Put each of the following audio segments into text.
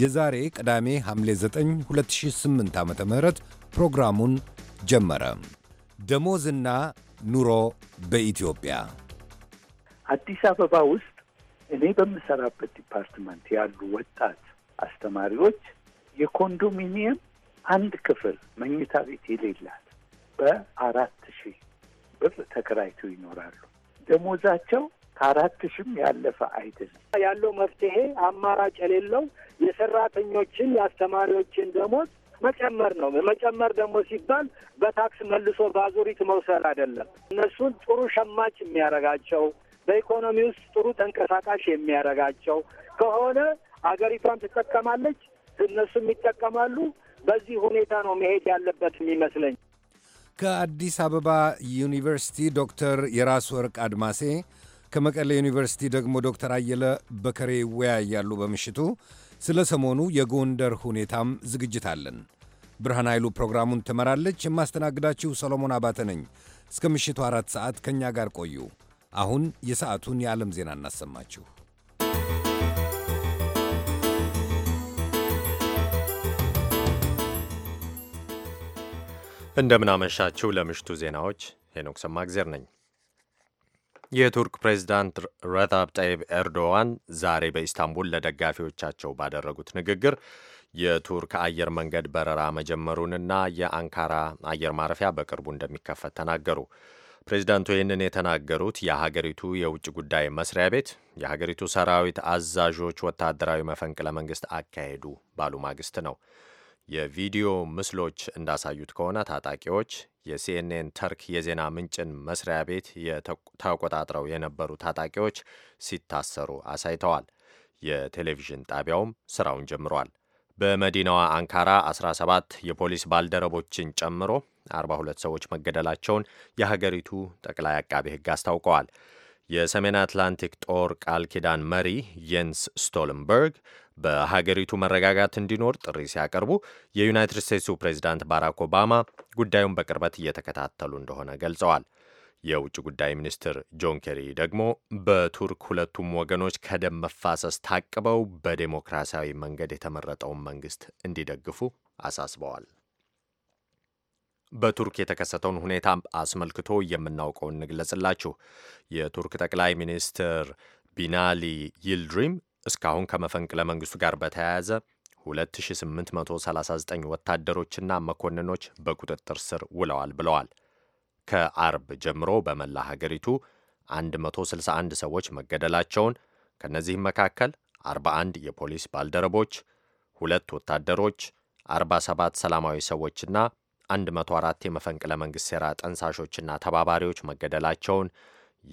የዛሬ ቅዳሜ ሐምሌ 9 2008 ዓ ም ፕሮግራሙን ጀመረ። ደሞዝና ኑሮ በኢትዮጵያ አዲስ አበባ ውስጥ እኔ በምሰራበት ዲፓርትመንት ያሉ ወጣት አስተማሪዎች የኮንዶሚኒየም አንድ ክፍል መኝታ ቤት የሌላት በአራት ሺህ ብር ተከራይተው ይኖራሉ። ደሞዛቸው ከአራት ሺም ያለፈ አይደለም። ያለው መፍትሄ አማራጭ የሌለው የሰራተኞችን የአስተማሪዎችን ደሞዝ መጨመር ነው። መጨመር ደግሞ ሲባል በታክስ መልሶ በአዙሪት መውሰድ አይደለም። እነሱን ጥሩ ሸማች የሚያረጋቸው በኢኮኖሚ ውስጥ ጥሩ ተንቀሳቃሽ የሚያረጋቸው ከሆነ አገሪቷን ትጠቀማለች፣ እነሱም ይጠቀማሉ። በዚህ ሁኔታ ነው መሄድ ያለበት የሚመስለኝ። ከአዲስ አበባ ዩኒቨርሲቲ ዶክተር የራስ ወርቅ አድማሴ ከመቀለ ዩኒቨርሲቲ ደግሞ ዶክተር አየለ በከሬ ይወያያሉ። በምሽቱ ስለ ሰሞኑ የጎንደር ሁኔታም ዝግጅት አለን። ብርሃን ኃይሉ ፕሮግራሙን ትመራለች። የማስተናግዳችሁ ሰሎሞን አባተ ነኝ። እስከ ምሽቱ አራት ሰዓት ከእኛ ጋር ቆዩ። አሁን የሰዓቱን የዓለም ዜና እናሰማችሁ። እንደምናመሻችሁ። ለምሽቱ ዜናዎች ሄኖክ ሰማእግዜር ነኝ። የቱርክ ፕሬዚዳንት ረታብ ጣይብ ኤርዶዋን ዛሬ በኢስታንቡል ለደጋፊዎቻቸው ባደረጉት ንግግር የቱርክ አየር መንገድ በረራ መጀመሩንና የአንካራ አየር ማረፊያ በቅርቡ እንደሚከፈት ተናገሩ። ፕሬዚዳንቱ ይህንን የተናገሩት የሀገሪቱ የውጭ ጉዳይ መስሪያ ቤት የሀገሪቱ ሰራዊት አዛዦች ወታደራዊ መፈንቅለ መንግስት አካሄዱ ባሉ ማግስት ነው። የቪዲዮ ምስሎች እንዳሳዩት ከሆነ ታጣቂዎች የሲኤንኤን ተርክ የዜና ምንጭን መስሪያ ቤት ተቆጣጥረው የነበሩ ታጣቂዎች ሲታሰሩ አሳይተዋል። የቴሌቪዥን ጣቢያውም ስራውን ጀምሯል። በመዲናዋ አንካራ 17 የፖሊስ ባልደረቦችን ጨምሮ 42 ሰዎች መገደላቸውን የሀገሪቱ ጠቅላይ አቃቤ ሕግ አስታውቀዋል። የሰሜን አትላንቲክ ጦር ቃል ኪዳን መሪ የንስ ስቶልንበርግ በሀገሪቱ መረጋጋት እንዲኖር ጥሪ ሲያቀርቡ የዩናይትድ ስቴትሱ ፕሬዚዳንት ባራክ ኦባማ ጉዳዩን በቅርበት እየተከታተሉ እንደሆነ ገልጸዋል። የውጭ ጉዳይ ሚኒስትር ጆን ኬሪ ደግሞ በቱርክ ሁለቱም ወገኖች ከደም መፋሰስ ታቅበው በዴሞክራሲያዊ መንገድ የተመረጠውን መንግስት እንዲደግፉ አሳስበዋል። በቱርክ የተከሰተውን ሁኔታ አስመልክቶ የምናውቀውን እንግለጽላችሁ። የቱርክ ጠቅላይ ሚኒስትር ቢናሊ ይልድሪም እስካሁን ከመፈንቅለ መንግስቱ ጋር በተያያዘ 2839 ወታደሮችና መኮንኖች በቁጥጥር ስር ውለዋል ብለዋል። ከአርብ ጀምሮ በመላ ሀገሪቱ 161 ሰዎች መገደላቸውን ከእነዚህም መካከል 41 የፖሊስ ባልደረቦች፣ ሁለት ወታደሮች፣ 47 ሰላማዊ ሰዎችና 104 የመፈንቅለ መንግሥት ሴራ ጠንሳሾችና ተባባሪዎች መገደላቸውን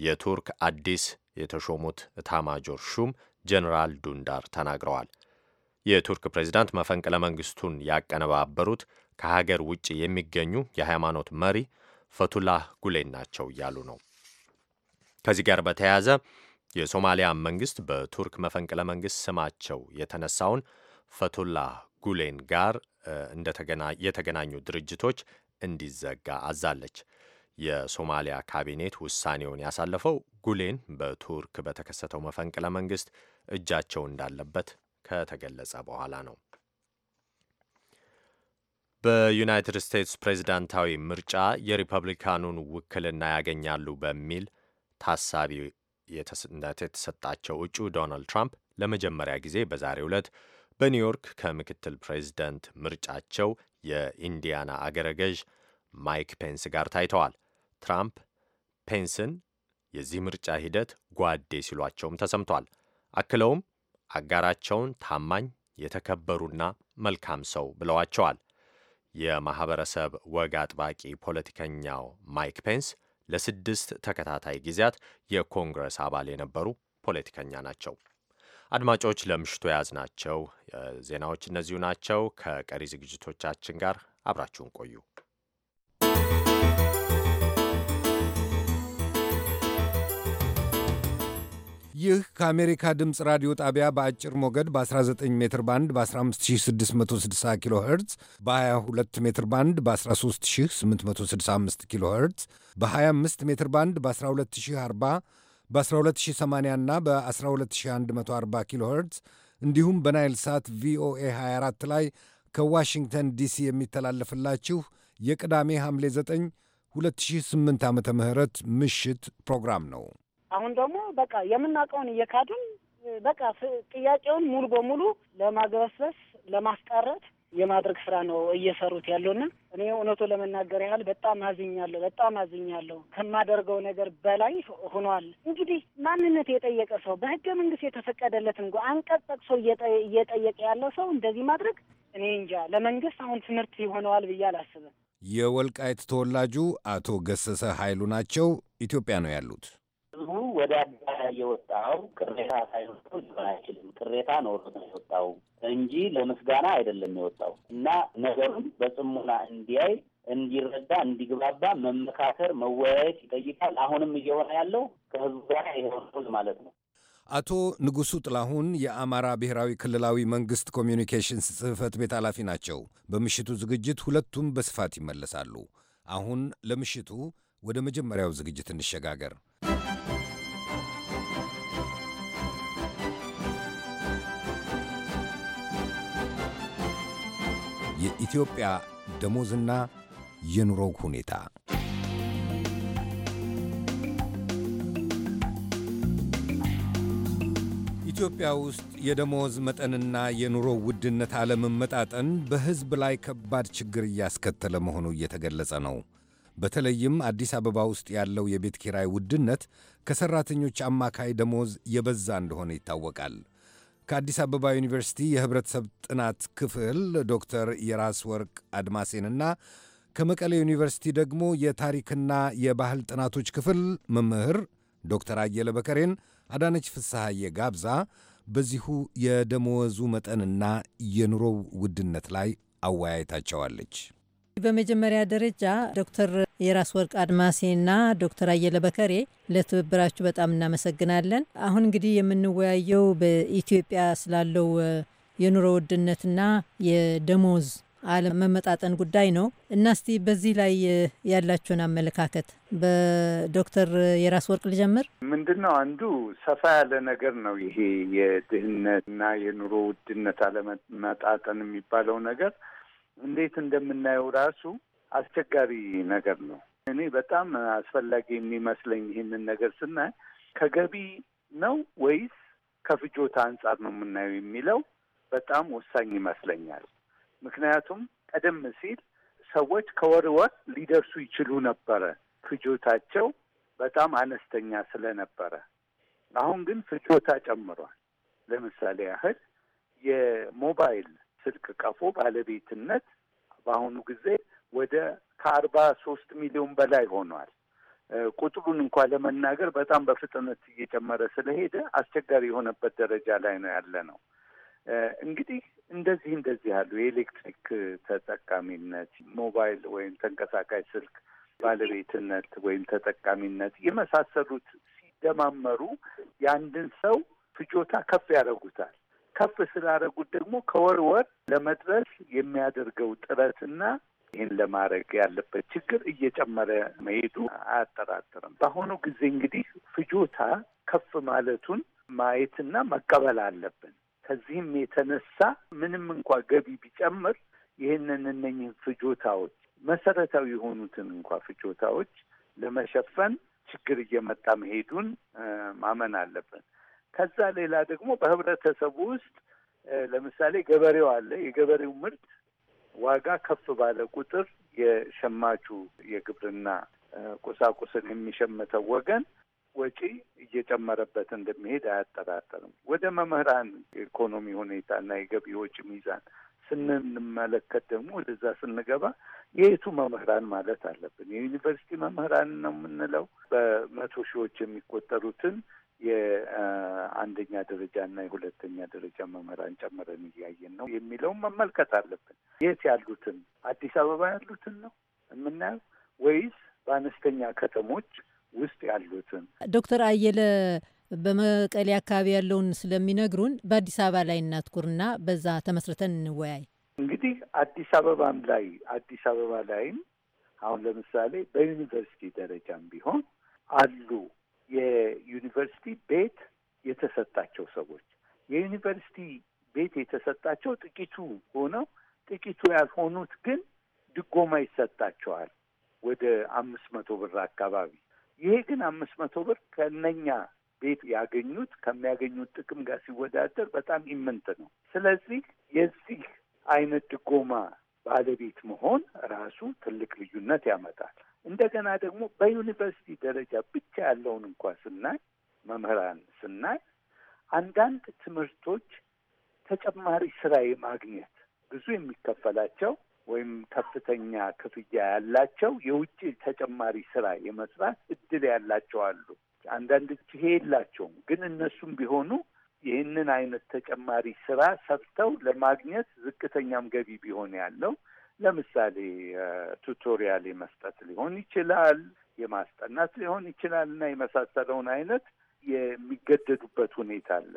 የቱርክ አዲስ የተሾሙት እታማጆር ሹም ጀኔራል ዱንዳር ተናግረዋል። የቱርክ ፕሬዚዳንት መፈንቅለ መንግስቱን ያቀነባበሩት ከሀገር ውጭ የሚገኙ የሃይማኖት መሪ ፈቱላህ ጉሌን ናቸው እያሉ ነው። ከዚህ ጋር በተያያዘ የሶማሊያ መንግስት በቱርክ መፈንቅለ መንግስት ስማቸው የተነሳውን ፈቱላህ ጉሌን ጋር የተገናኙ ድርጅቶች እንዲዘጋ አዛለች። የሶማሊያ ካቢኔት ውሳኔውን ያሳለፈው ጉሌን በቱርክ በተከሰተው መፈንቅለ መንግስት እጃቸው እንዳለበት ከተገለጸ በኋላ ነው። በዩናይትድ ስቴትስ ፕሬዝዳንታዊ ምርጫ የሪፐብሊካኑን ውክልና ያገኛሉ በሚል ታሳቢ የተሰጣቸው እጩ ዶናልድ ትራምፕ ለመጀመሪያ ጊዜ በዛሬው ዕለት በኒውዮርክ ከምክትል ፕሬዝደንት ምርጫቸው የኢንዲያና አገረ ገዥ ማይክ ፔንስ ጋር ታይተዋል። ትራምፕ ፔንስን የዚህ ምርጫ ሂደት ጓዴ ሲሏቸውም ተሰምቷል። አክለውም አጋራቸውን ታማኝ፣ የተከበሩና መልካም ሰው ብለዋቸዋል። የማኅበረሰብ ወግ አጥባቂ ፖለቲከኛው ማይክ ፔንስ ለስድስት ተከታታይ ጊዜያት የኮንግረስ አባል የነበሩ ፖለቲከኛ ናቸው። አድማጮች፣ ለምሽቱ የያዝናቸው ዜናዎች እነዚሁ ናቸው። ከቀሪ ዝግጅቶቻችን ጋር አብራችሁን ቆዩ። ይህ ከአሜሪካ ድምፅ ራዲዮ ጣቢያ በአጭር ሞገድ በ19 ሜትር ባንድ በ15660 ኪሎ ኸርትዝ በ22 ሜትር ባንድ በ13865 ኪሎ ኸርትዝ በ25 ሜትር ባንድ በ 1240 በ 1280 እና በ12140 ኪሎ ኸርትዝ እንዲሁም በናይል ሳት ቪኦኤ 24 ላይ ከዋሽንግተን ዲሲ የሚተላለፍላችሁ የቅዳሜ ሐምሌ 9 2008 ዓ ም ምሽት ፕሮግራም ነው። አሁን ደግሞ በቃ የምናውቀውን እየካዱን በቃ ጥያቄውን ሙሉ በሙሉ ለማግበስበስ ለማስቀረት የማድረግ ስራ ነው እየሰሩት ያለውና እኔ እውነቱ ለመናገር ያህል በጣም አዝኛለሁ። በጣም አዝኛለሁ። ከማደርገው ነገር በላይ ሆኗል። እንግዲህ ማንነት የጠየቀ ሰው በህገ መንግስት የተፈቀደለት እንጎ አንቀጽ ጠቅሶ እየጠየቀ ያለ ሰው እንደዚህ ማድረግ እኔ እንጃ ለመንግስት አሁን ትምህርት ይሆነዋል ብዬ አላስብም። የወልቃይት ተወላጁ አቶ ገሰሰ ኃይሉ ናቸው። ኢትዮጵያ ነው ያሉት። ህዝቡ ወደ አደባባይ የወጣው ቅሬታ ሳይወጣው ሊሆን አይችልም። ቅሬታ ኖሮት ነው የወጣው እንጂ ለምስጋና አይደለም የወጣው እና ነገሩን በጽሞና እንዲያይ እንዲረዳ፣ እንዲግባባ መመካከር፣ መወያየት ይጠይቃል። አሁንም እየሆነ ያለው ከህዝቡ ጋር ይሆናል ማለት ነው። አቶ ንጉሱ ጥላሁን የአማራ ብሔራዊ ክልላዊ መንግስት ኮሚኒኬሽንስ ጽህፈት ቤት ኃላፊ ናቸው። በምሽቱ ዝግጅት ሁለቱም በስፋት ይመለሳሉ። አሁን ለምሽቱ ወደ መጀመሪያው ዝግጅት እንሸጋገር። የኢትዮጵያ ደሞዝና የኑሮ ሁኔታ ኢትዮጵያ ውስጥ የደሞዝ መጠንና የኑሮ ውድነት አለመመጣጠን በሕዝብ ላይ ከባድ ችግር እያስከተለ መሆኑ እየተገለጸ ነው። በተለይም አዲስ አበባ ውስጥ ያለው የቤት ኪራይ ውድነት ከሠራተኞች አማካይ ደሞዝ የበዛ እንደሆነ ይታወቃል። ከአዲስ አበባ ዩኒቨርሲቲ የህብረተሰብ ጥናት ክፍል ዶክተር የራስ ወርቅ አድማሴንና ከመቀሌ ዩኒቨርሲቲ ደግሞ የታሪክና የባህል ጥናቶች ክፍል መምህር ዶክተር አየለ በከሬን አዳነች ፍስሐዬ ጋብዛ በዚሁ የደመወዙ መጠንና የኑሮው ውድነት ላይ አወያይታቸዋለች። በመጀመሪያ ደረጃ ዶክተር የራስ ወርቅ አድማሴና ዶክተር አየለ በከሬ ለትብብራችሁ በጣም እናመሰግናለን። አሁን እንግዲህ የምንወያየው በኢትዮጵያ ስላለው የኑሮ ውድነትና የደሞዝ አለመመጣጠን ጉዳይ ነው እና እስቲ በዚህ ላይ ያላችሁን አመለካከት በዶክተር የራስ ወርቅ ልጀምር። ምንድን ነው አንዱ ሰፋ ያለ ነገር ነው ይሄ የድህነት እና የኑሮ ውድነት አለመመጣጠን የሚባለው ነገር እንዴት እንደምናየው ራሱ አስቸጋሪ ነገር ነው። እኔ በጣም አስፈላጊ የሚመስለኝ ይህንን ነገር ስናይ ከገቢ ነው ወይስ ከፍጆታ አንጻር ነው የምናየው የሚለው በጣም ወሳኝ ይመስለኛል። ምክንያቱም ቀደም ሲል ሰዎች ከወር ወር ሊደርሱ ይችሉ ነበረ፣ ፍጆታቸው በጣም አነስተኛ ስለነበረ። አሁን ግን ፍጆታ ጨምሯል። ለምሳሌ ያህል የሞባይል ስልክ ቀፎ ባለቤትነት በአሁኑ ጊዜ ወደ ከአርባ ሶስት ሚሊዮን በላይ ሆኗል። ቁጥሩን እንኳ ለመናገር በጣም በፍጥነት እየጨመረ ስለሄደ አስቸጋሪ የሆነበት ደረጃ ላይ ነው ያለ ነው። እንግዲህ እንደዚህ እንደዚህ ያሉ የኤሌክትሪክ ተጠቃሚነት፣ ሞባይል ወይም ተንቀሳቃሽ ስልክ ባለቤትነት ወይም ተጠቃሚነት የመሳሰሉት ሲደማመሩ የአንድን ሰው ፍጆታ ከፍ ያደርጉታል። ከፍ ስላደረጉት ደግሞ ከወር ወር ለመድረስ የሚያደርገው ጥረትና ይህን ለማድረግ ያለበት ችግር እየጨመረ መሄዱ አያጠራጥርም። በአሁኑ ጊዜ እንግዲህ ፍጆታ ከፍ ማለቱን ማየትና መቀበል አለብን። ከዚህም የተነሳ ምንም እንኳ ገቢ ቢጨምር ይህንን እነኝህን ፍጆታዎች መሰረታዊ የሆኑትን እንኳ ፍጆታዎች ለመሸፈን ችግር እየመጣ መሄዱን ማመን አለብን። ከዛ ሌላ ደግሞ በህብረተሰቡ ውስጥ ለምሳሌ ገበሬው አለ። የገበሬው ምርት ዋጋ ከፍ ባለ ቁጥር የሸማቹ የግብርና ቁሳቁስን የሚሸምተው ወገን ወጪ እየጨመረበት እንደሚሄድ አያጠራጠርም። ወደ መምህራን የኢኮኖሚ እና የገቢ ወጪ ሚዛን ስንመለከት ደግሞ ወደዛ ስንገባ የየቱ መምህራን ማለት አለብን? የዩኒቨርሲቲ መምህራን ነው የምንለው በመቶ ሺዎች የሚቆጠሩትን የአንደኛ ደረጃ እና የሁለተኛ ደረጃ መምህራን ጨምረን እያየን ነው የሚለውን መመልከት አለብን። የት ያሉትን አዲስ አበባ ያሉትን ነው የምናየው ወይስ በአነስተኛ ከተሞች ውስጥ ያሉትን? ዶክተር አየለ በመቀሌ አካባቢ ያለውን ስለሚነግሩን በአዲስ አበባ ላይ እናትኩርና በዛ ተመስርተን እንወያይ። እንግዲህ አዲስ አበባም ላይ አዲስ አበባ ላይም አሁን ለምሳሌ በዩኒቨርሲቲ ደረጃም ቢሆን አሉ የዩኒቨርሲቲ ቤት የተሰጣቸው ሰዎች የዩኒቨርሲቲ ቤት የተሰጣቸው ጥቂቱ ሆነው ጥቂቱ ያልሆኑት ግን ድጎማ ይሰጣቸዋል ወደ አምስት መቶ ብር አካባቢ። ይሄ ግን አምስት መቶ ብር ከእነኛ ቤት ያገኙት ከሚያገኙት ጥቅም ጋር ሲወዳደር በጣም ኢምንት ነው። ስለዚህ የዚህ አይነት ድጎማ ባለቤት መሆን ራሱ ትልቅ ልዩነት ያመጣል። እንደገና ደግሞ በዩኒቨርሲቲ ደረጃ ብቻ ያለውን እንኳ ስናይ መምህራን ስናይ አንዳንድ ትምህርቶች ተጨማሪ ስራ የማግኘት ብዙ የሚከፈላቸው ወይም ከፍተኛ ክፍያ ያላቸው የውጭ ተጨማሪ ስራ የመስራት እድል ያላቸው አሉ። አንዳንዶች ይሄ የላቸውም፣ ግን እነሱም ቢሆኑ ይህንን አይነት ተጨማሪ ስራ ሰርተው ለማግኘት ዝቅተኛም ገቢ ቢሆን ያለው ለምሳሌ ቱቶሪያል የመስጠት ሊሆን ይችላል፣ የማስጠናት ሊሆን ይችላል እና የመሳሰለውን አይነት የሚገደዱበት ሁኔታ አለ።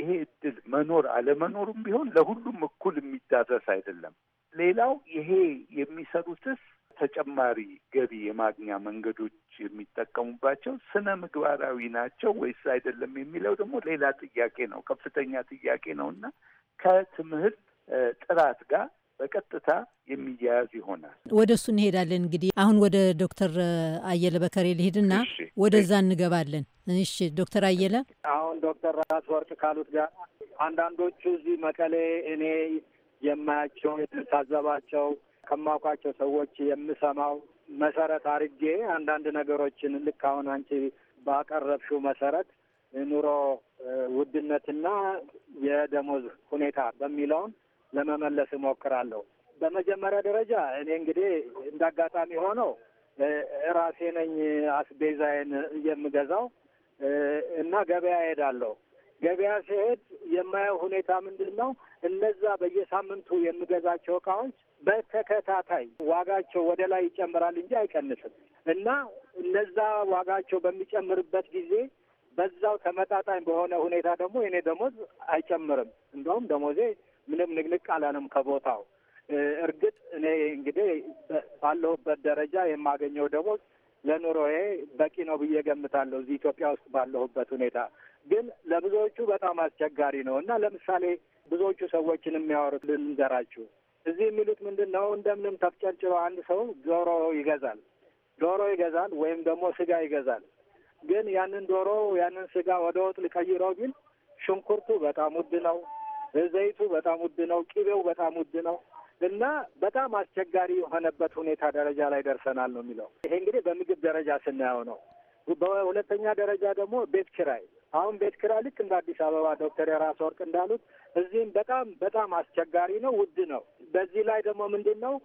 ይሄ እድል መኖር አለመኖሩም ቢሆን ለሁሉም እኩል የሚዳረስ አይደለም። ሌላው ይሄ የሚሰሩትስ ተጨማሪ ገቢ የማግኛ መንገዶች የሚጠቀሙባቸው ስነ ምግባራዊ ናቸው ወይስ አይደለም የሚለው ደግሞ ሌላ ጥያቄ ነው፣ ከፍተኛ ጥያቄ ነው እና ከትምህርት ጥራት ጋር በቀጥታ የሚያያዝ ይሆናል። ወደ እሱ እንሄዳለን። እንግዲህ አሁን ወደ ዶክተር አየለ በከሬ ልሄድና ወደዛ እንገባለን። እሺ ዶክተር አየለ አሁን ዶክተር ራስ ወርቅ ካሉት ጋር አንዳንዶቹ እዚህ መቀሌ እኔ የማያቸው የምታዘባቸው ከማውቃቸው ሰዎች የምሰማው መሰረት አድርጌ አንዳንድ ነገሮችን ልክ አሁን አንቺ ባቀረብሽው መሰረት ኑሮ ውድነትና የደሞዝ ሁኔታ በሚለውን ለመመለስ እሞክራለሁ። በመጀመሪያ ደረጃ እኔ እንግዲህ እንደ አጋጣሚ ሆነው ራሴ ነኝ አስቤዛዬን የምገዛው እና ገበያ እሄዳለሁ። ገበያ ሲሄድ የማየው ሁኔታ ምንድን ነው? እነዛ በየሳምንቱ የምገዛቸው እቃዎች በተከታታይ ዋጋቸው ወደ ላይ ይጨምራል እንጂ አይቀንስም እና እነዛ ዋጋቸው በሚጨምርበት ጊዜ በዛው ተመጣጣኝ በሆነ ሁኔታ ደግሞ የኔ ደሞዝ አይጨምርም። እንደውም ደሞዜ ምንም ንቅንቅ አላለም ከቦታው። እርግጥ እኔ እንግዲህ ባለሁበት ደረጃ የማገኘው ደሞዝ ለኑሮዬ በቂ ነው ብዬ ገምታለሁ። እዚህ ኢትዮጵያ ውስጥ ባለሁበት ሁኔታ ግን ለብዙዎቹ በጣም አስቸጋሪ ነው እና ለምሳሌ ብዙዎቹ ሰዎችን የሚያወሩት ልንገራችሁ። እዚህ የሚሉት ምንድን ነው? እንደምንም ተፍጨርጭሮ አንድ ሰው ዶሮ ይገዛል፣ ዶሮ ይገዛል ወይም ደግሞ ስጋ ይገዛል። ግን ያንን ዶሮ ያንን ስጋ ወደ ወጥ ሊቀይረው ቢል ሽንኩርቱ በጣም ውድ ነው፣ ዘይቱ በጣም ውድ ነው፣ ቂቤው በጣም ውድ ነው እና በጣም አስቸጋሪ የሆነበት ሁኔታ ደረጃ ላይ ደርሰናል ነው የሚለው። ይሄ እንግዲህ በምግብ ደረጃ ስናየው ነው። በሁለተኛ ደረጃ ደግሞ ቤት ኪራይ አሁን ቤት ኪራይ ልክ እንደ አዲስ አበባ ዶክተር የራስ ወርቅ እንዳሉት እዚህም በጣም በጣም አስቸጋሪ ነው፣ ውድ ነው። በዚህ ላይ ደግሞ ምንድን ነው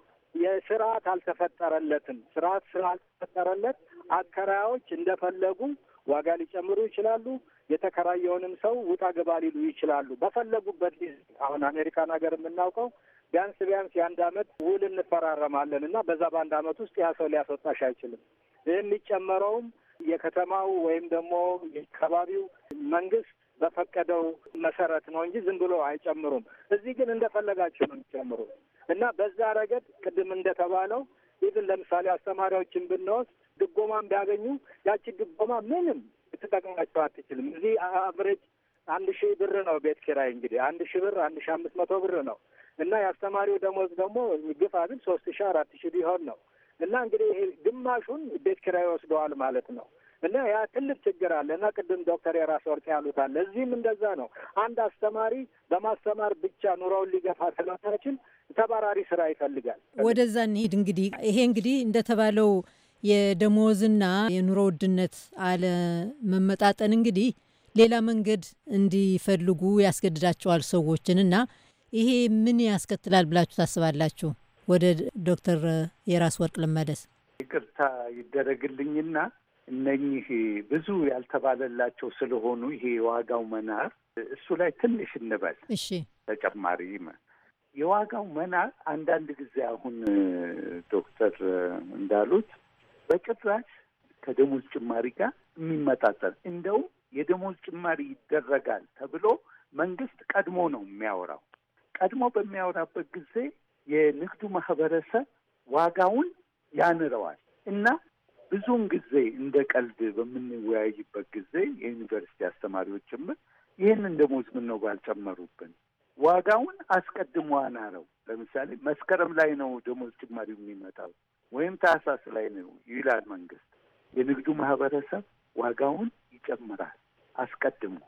የስርዓት አልተፈጠረለትም። ስርዓት ስራ አልተፈጠረለት አከራዮች እንደፈለጉ ዋጋ ሊጨምሩ ይችላሉ። የተከራየውንም ሰው ውጣ ገባ ሊሉ ይችላሉ በፈለጉበት ጊዜ። አሁን አሜሪካን ሀገር የምናውቀው ቢያንስ ቢያንስ የአንድ አመት ውል እንፈራረማለን እና በዛ በአንድ አመት ውስጥ ያ ሰው ሊያስወጣሽ አይችልም። ይህ የሚጨመረውም የከተማው ወይም ደግሞ የአካባቢው መንግስት በፈቀደው መሰረት ነው እንጂ ዝም ብሎ አይጨምሩም። እዚህ ግን እንደፈለጋቸው ነው የሚጨምሩ እና በዛ ረገድ ቅድም እንደተባለው ኢቭን ለምሳሌ አስተማሪዎችን ብንወስድ ድጎማን ቢያገኙ ያቺ ድጎማ ምንም ልትጠቅማቸው አትችልም። እዚህ አቨሬጅ አንድ ሺህ ብር ነው ቤት ኪራይ እንግዲህ አንድ ሺህ ብር አንድ ሺህ አምስት መቶ ብር ነው እና የአስተማሪው ደሞዝ ደግሞ ግፋ ግን ሶስት ሺህ አራት ሺህ ቢሆን ነው እና እንግዲህ ይሄ ግማሹን ቤት ኪራይ ወስደዋል ማለት ነው። እና ያ ትልቅ ችግር አለ እና ቅድም ዶክተር የራስ ወርቅ ያሉት አለ። እዚህም እንደዛ ነው። አንድ አስተማሪ በማስተማር ብቻ ኑሮውን ሊገፋ ስለማይችል ተባራሪ ስራ ይፈልጋል። ወደዛ እንሂድ እንግዲህ ይሄ እንግዲህ እንደተባለው የደሞዝና የኑሮ ውድነት አለመመጣጠን እንግዲህ ሌላ መንገድ እንዲፈልጉ ያስገድዳቸዋል ሰዎችን እና ይሄ ምን ያስከትላል ብላችሁ ታስባላችሁ? ወደ ዶክተር የራስ ወርቅ ልመለስ። ይቅርታ ይደረግልኝና እነኚህ ብዙ ያልተባለላቸው ስለሆኑ ይሄ የዋጋው መናር እሱ ላይ ትንሽ እንበል። እሺ፣ ተጨማሪ የዋጋው መናር አንዳንድ ጊዜ አሁን ዶክተር እንዳሉት በጭራሽ ከደሞዝ ጭማሪ ጋር የሚመጣጠን እንደውም የደሞዝ ጭማሪ ይደረጋል ተብሎ መንግስት ቀድሞ ነው የሚያወራው። ቀድሞ በሚያወራበት ጊዜ የንግዱ ማህበረሰብ ዋጋውን ያንረዋል እና ብዙውን ጊዜ እንደ ቀልድ በምንወያይበት ጊዜ የዩኒቨርሲቲ አስተማሪዎች ጭምር ይህንን ደሞዝ ምን ነው ባልጨመሩብን፣ ዋጋውን አስቀድሞ አናረው። ለምሳሌ መስከረም ላይ ነው ደሞዝ ጭማሪው የሚመጣው ወይም ታህሳስ ላይ ነው ይላል መንግስት። የንግዱ ማህበረሰብ ዋጋውን ይጨምራል አስቀድሞ።